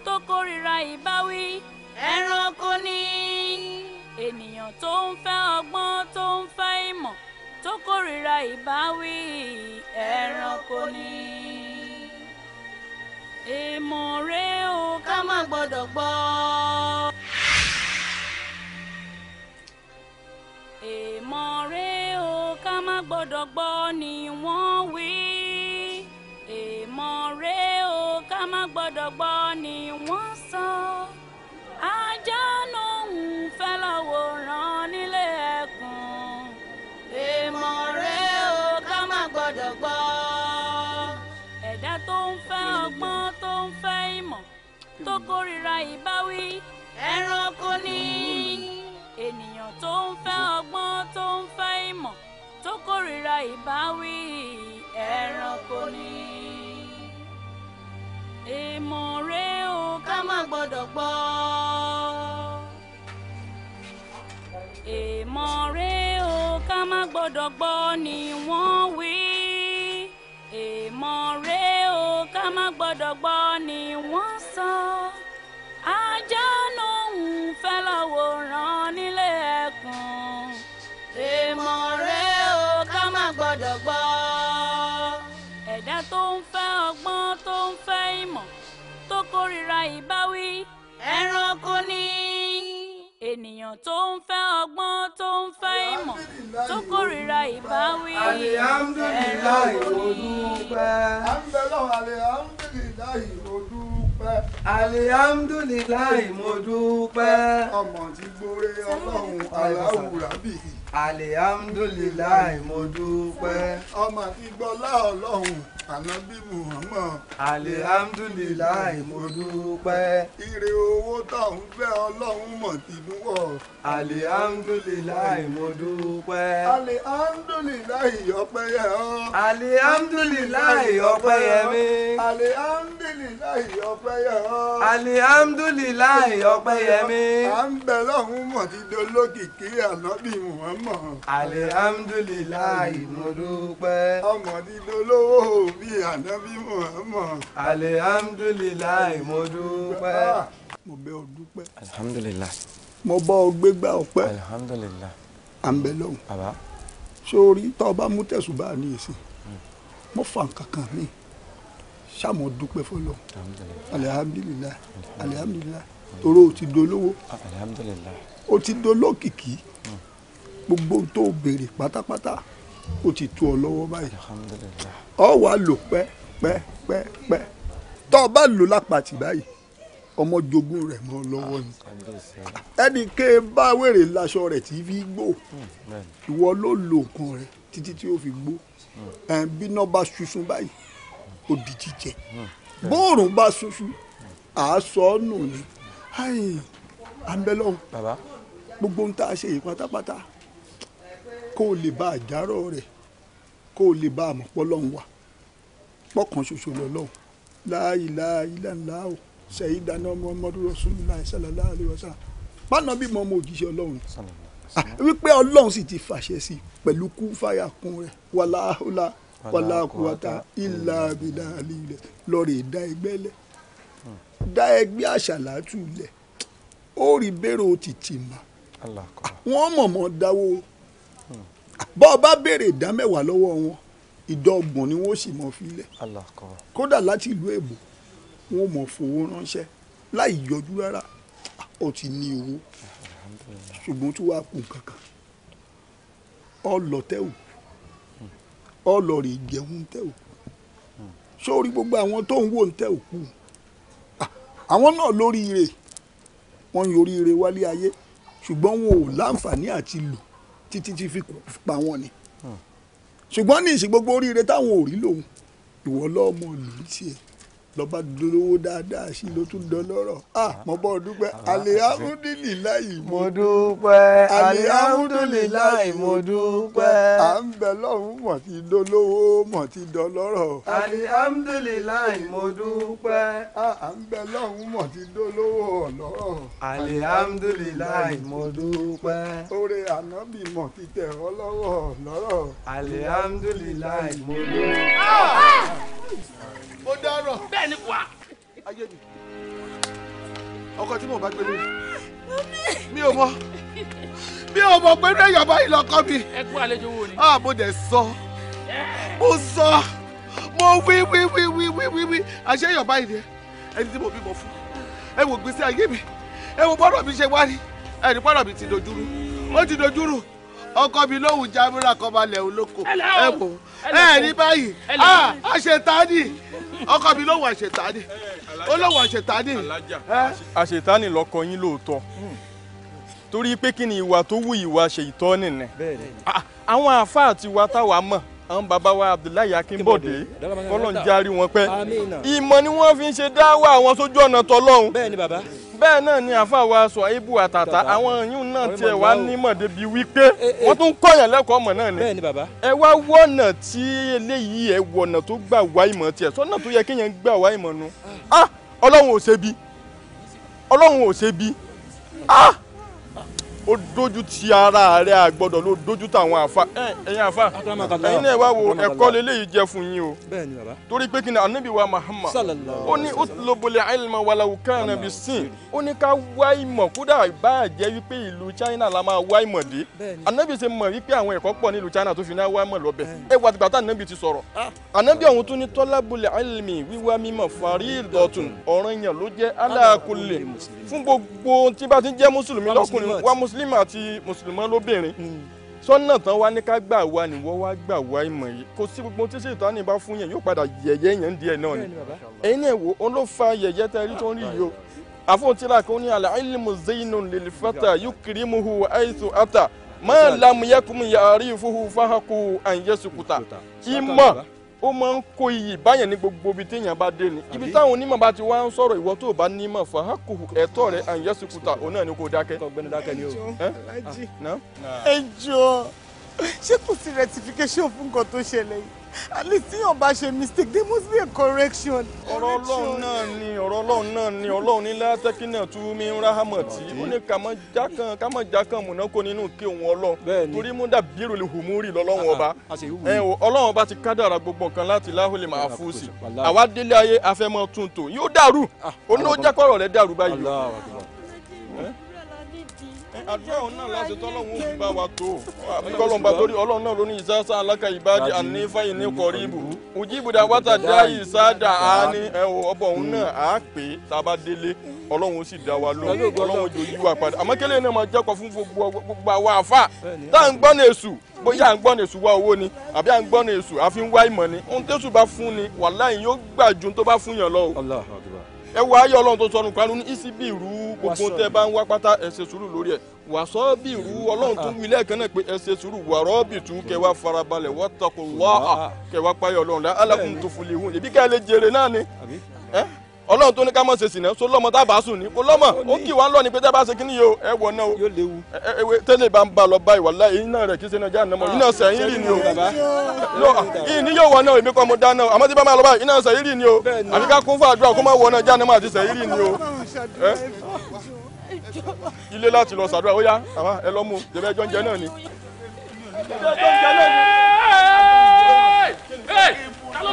tó kórìíra ìbáwí ẹranko ni ènìyàn tó ń fẹ́ ọgbọ́n tó ń fẹ́ ìmọ̀ tó kórìíra ìbáwí ẹranko ni. èèmọ̀ rẹ o ká má gbọ́dọ̀ gbọ́. èèmọ̀ rẹ o ká má gbọ́dọ̀ gbọ́ ni wọ́n wí. èèmọ̀ rẹ o ká má gbọ́dọ̀ gbọ́ ni wọ́n sọ. So. kórìíra ìbáwí ẹranko ni ènìyàn tó ń fẹ́ ọgbọ́n tó ń fẹ́ ìmọ̀ tó kórìíra ìbáwí ẹranko ni. èèmọ̀ rẹ o ká má gbọ́dọ̀ gbọ́. èèmọ̀ rẹ o ká má gbọ́dọ̀ gbọ́ ni wọ́n wí. èèmọ̀ rẹ o ká má gbọ́dọ̀ gbọ́ ni wọ́n. ń fẹ́ ọgbọ́n tó ń fẹ́ ìmọ̀ tó kórìíra ìbáwí. alihamudulilayi olùpẹ̀. àǹbẹ̀lọ́ alihamudulilayi olùpẹ̀. alihamudulilayi mo dúpẹ́. ọmọ tí gbóre ọlọ́run aláwùrà bìí alihamdulilayi mo dúpẹ́. ọmọ ìgbọ́lá ọlọ́run ànábì muhammad alihamdulilayi mo dúpẹ́. ire owó táwọn fẹ́ ọlọ́run mọ̀ ti dúwọ̀. alihamdulilayi mo dúpẹ́. alihamdulilayi ọpẹ́ yẹ ọ́. alihamdulilayi ọpẹ́ yẹ mi. alihamdulilayi ọpẹ́ yẹ ọ́. alihamdulilayi ọpẹ́ yẹ mi. à ń bẹ lọ́run mọ̀ ti dolókìkí ànábì muhammad. alihamdulilayi mo dúpẹ́. ọmọ ti dolówó bí ànábì Muhammad. alihamdulilayi mo dúpẹ́. Ah, mo bẹ ọ dúpẹ́. alihamdulilayi. mo bá ọ gbégbá ọpẹ́. alihamdulilayi. à ń bẹ lọ́hùn. bàbá. sórí tó o bá mú tẹ̀sùn bá a ní ìsìn hmm. mo fa nǹkan kan mi ṣàmọ̀ dúpẹ́ fọlọ́ alihamdulilayi alihamdulilayi toro o ti dolówó o ti dolókìkí hmm. gbogbo tó o béèrè pátápátá ó ti tó ọ lọ́wọ́ báyìí ọ wà lò pẹ́ pẹ́ pẹ́ pẹ́ tọ́ ọ bá lò lápàtì báyìí ọmọ jogún rẹ̀ mọ́ lọ́wọ́ ni ẹnì ké bá wèrè láṣọ rẹ̀ tí fi gbó ìwọ ló lo nǹkan rẹ̀ títí tí ó fi gbó bí iná bá ṣuṣun báyìí ó di jíjẹ bóòrùn bá ṣuṣun àásọ nù ni àbẹ̀lọ́hùn gbogbo ń tá a ṣe yìí pátápátá kó o lè bá àjárọ̀ rẹ̀ kó o lè bá àmọ́ pọ́lọ́hún wà pọ́kàn ṣoṣo lọ́lọ́hún láàyè láàyè láńlá o sẹ́yìn dáná ọmọ ọmọdé Rasulullah sallallahu alaihi wasallam pàánà bímọ ọmọ òjíṣẹ́ ọlọ́run wípé ọlọ́run sì ti fàṣẹ sí pẹ̀lú kú fáyà kún rẹ̀ wàláhùlà wàláhùwàtà ìlà àbìlà àlìlẹ̀ lọ́ọ̀rẹ́ dá ẹgbẹ́ lẹ̀ dá ẹgbẹ́ àṣàlátù lẹ̀ ó rí bẹ́rẹ̀ ó mà wọ́n mọ̀mọ́ dáwọ́ bọ́ ọ bá béèrè ìdá mẹ́wàá lọ́wọ́ wọn ìdá ọgbọ̀n ni wọ́n sì mọ̀ fílẹ̀ kódà láti ìlú èbò wọ́n mọ̀ fowó ránṣẹ́ láì yọjú rárá ó ti ní owó ṣùgbọ́n tí wàá kù kankan ọ lọ tẹ́wò hmm. ọ lọ rè jẹun tẹ́wò sórí gbogbo àwọn tó ń wò ń tẹ́wò kù ah, àwọn náà lóríire wọ́n yoríire wálé ayé ṣùgbọ́n wọn ò láǹfààní àti lò títí tí fi pa wọn ni ṣùgbọ́n ní ìsìn gbogbo oríire táwọn ò rí lòun ìwọ lọ́ọ́ tiẹ̀ lọ́ba dolówó dáadáa sí ló tún dọlọ́rọ̀ ah mo bọ́ dúpẹ́ alihamudulilayi mo dúpẹ́ alihamudulilayi mo dúpẹ́ à ń bẹ lọ́hùn mọ̀ ti dolówó mọ̀ ti dọlọ́rọ̀. alihamudulilayi mo dúpẹ́ à ń bẹ lọ́hùn mọ̀ ti dolówó ọ̀lọ́rọ̀. alihamudulilayi mo dúpẹ́. oore ànábì mọ̀ ti tẹ̀ ọ́ lọ́wọ́ ọ̀lọ́rọ̀. alihamudulilayi mo dúpẹ́. ó ah! dárọ̀ bẹ́ẹ̀ ni wà. ayé mi ọkọ tí mo bá gbélé mi ò mọ mi ò mọ pé ní ẹyọ báyìí lọkọ mi. ẹ kú àlejò wo ni. a mo dẹ̀ sọ mo sọ mo wí wí wí wí wí wí wí àṣẹ ẹyọ báyìí ni ẹni tí mo bímọ fún ẹ wò gbèsè ayé mi ẹ wò bọ́dọ̀ mi ṣe wá ní ẹni bọ́dọ̀ mi ti dojúrú ó ti dojúrú ọkọ mi lóhùn jábúrà kọ́ balẹ̀ olóko ẹ wò ẹ ní báyìí àṣetánì ah, ọkọ mi lóhùn àṣetánì olóhùn àṣetánì. àṣetánì lọkọ yín lóòótọ́ hmm. torí pé kí ni ìwà tó wù ìwà ṣèyítọ́ nìyẹn ah, àwọn àáfàá tiwa táwa mọ̀ àwọn bàbá wa Abdullahi Akínbọ̀dé kọ́lọ́n járí wọn pẹ́ ìmọ̀ ni wọ́n fi ń ṣe dáwọ́ àwọn sójú ọ̀nà tọ́lọ́hún bẹ́ẹ̀ náà ni àfa wa Ṣùáìbù àtàtà àwọn yìí náà tiẹ̀ wá nímọ̀ débi wípé eh, eh. wọ́n tún kọ́yàn lẹ́kọ̀ọ́ ọmọ náà ni ẹ wá wọ́nà tí eléyìí ẹ wọ̀nà tó gbà wá ìmọ̀ tiẹ̀ sọ́nà tó yẹ kéèyàn gbà wá ìmọ̀ nu ah! ọlọ́run ò ṣe bí ọlọ́run ò ṣe bí ah! ó dójú ti ara rẹ àgbọ́dọ̀ ló dójú táwọn àfa ẹ̀yin àfa ẹ̀yin náà wá wo ẹ̀kọ́ lélẹyìí jẹ fún yín o torí pé kíni anabi wa Muhammad ó ní utlubul ilma walau kana bisin ó ní ká wá ìmọ̀ kódà ìbá jẹ́ wípé ìlú China la máa wá ìmọ̀ dé anabi ṣe mọ̀ wípé àwọn ẹ̀kọ́ pọ̀ nílùú China tó fi náà wá ìmọ̀ lọ́bẹ̀ ẹ wà tìgbà tá anabi ti sọ̀rọ̀ anabi ah. ọ̀hún tún ní talabul ilmi wíwá mímọ̀ faridotun ọ̀ranyàn ló ala kulli fún gbogbo tí bá ti jẹ́ mùsùlùmí lọ́kùnrin mùsùlùmí àti mùsùlùmọ́ lóbìnrin hmm. sọ́nà tán wá ní ká gbà wá nìwọ́ wá gbà wá ìmọ̀ yìí kò sí gbogbo tí ṣètò àníbá fún yẹn yóò padà yẹ̀yẹ́ yẹn díẹ̀ náà ni ẹ̀yin ẹ̀ wò ó ló fa yẹ̀yẹ́ tó ń rí yìí o àfọ̀tìrà kan ní àlẹ́ àìlímù zainun lil fata yukrimuhu àìsù ata máa lamu yakumu yàrá ìfuhu fahaku àyẹ̀sùkùtà kí mọ̀ ó máa ń kó iyì báyẹn ní gbogbo ibi téèyàn bá dé ni ibi táwọn onímọ̀ bá ti wá ń sọ̀rọ̀ ìwọ tó bá nímọ̀ fún ahakò ẹ̀tọ́ rẹ̀ àyẹ̀sùkúta òun náà ni kò dákẹ́. ọgbẹ́ni dákẹ́ ni o. ẹ jọ ṣé kò sí rectification fún nǹkan tó ṣẹlẹ̀ yìí at least tíyàn bá ṣe mistake there must be a correction. ọ̀rọ̀ ọlọ́run náà ni ọ̀rọ̀ ọlọ́run náà ni ọlọ́run ní látẹ́kínà tú mi ráhámọ̀ tí ó ní kàmọ́ jákàn kàmọ́ nínú kí ọlọ́run torí mú dàbí ìròlè hùmúrì lọ́lọ́run ah, ọba ah, ọlọ́run ọba ti kádàrà gbogbo nǹkan láti láhùlẹ̀ máa fún sí àwa délé ayé afẹ́mọ́ tuntun yóò dàrú oníwó ah, jákọ̀rọ̀ rẹ̀ dàrú báyìí àdúrà òun náà láti tọ́ ọlọ́run òfin bá wa tó kọ́lọ́mbà torí ọlọ́run náà ló ní ìsásá alákà ìbádí ànífà ìní kọ̀ríbù ojú ìbùdó àwátà dá ìsádà á ẹ̀wọ̀ ọbọ̀ òun náà á pè é tá délé ọlọ́run ó sì dá wa lóhùn ọlọ́run ojú yí padà àmọ́ kẹ́lẹ́ náà máa jẹ́kọ̀ọ́ fún gbogbo àwa àfà tá à ń gbọ́ ní èṣù bóyá à ń gbọ́ ní èṣù wá owó ni àbí à ń gbọ́ ní èṣù àfi ń wá ìmọ̀ ni ohun tẹ́ṣù bá fún ni wàláhì yóò gbà ju tó bá fún yàn lọ ẹ wá ayé ọlọ́run tó sọnù ní isi bí irú gbogbo tẹ bá ń wá pátá ẹ ṣe sùúrù lórí ẹ wàsọ bí irú ọlọ́run tó wí lẹ́ẹ̀kan náà pé ẹ a sùúrù wàrọ́ bì tún kẹ wá farabalẹ̀ wọ́n takò wá ọlọ́run tó ní ká mọ̀ ṣe sìnà so lọ́mọ tá a bá sùn ní kó lọ́mọ ó kì wá ń lọ ní pé tẹ́ bá ṣe kí ni yìí o ẹ wọ náà o yóò léwu ewé tẹ́lẹ̀ bá ń ba lọ báyìí wàlá èyí náà rẹ̀ kí sẹ́ni ọjà nàmọ́ iná sẹ́yìn rì ni o ìní yóò wọ náà èmi kọ́ mo dáná àmọ́ tí bá máa lọ báyìí iná sẹ́yìn rì ni o àbí ká kún fún àdúrà kó má wọ náà já nàmọ́ àti sẹ́yìn rì ni o ilé láti lọ sàdúrà ó ẹ lọ mú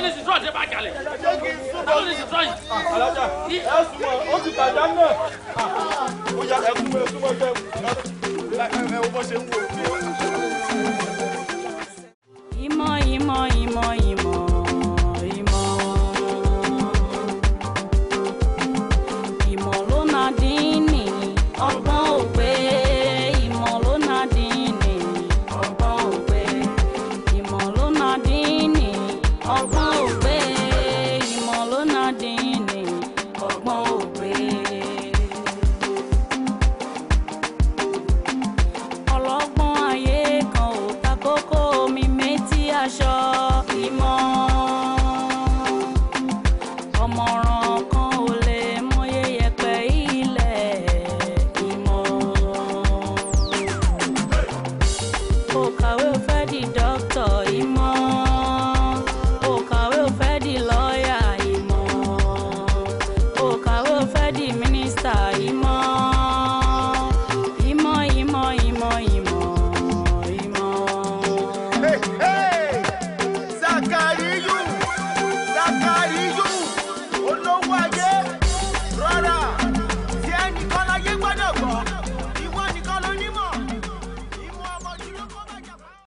ẹ ẹ ẹ ó ìmọ̀ ìmọ̀ ìmọ̀ ìmọ̀.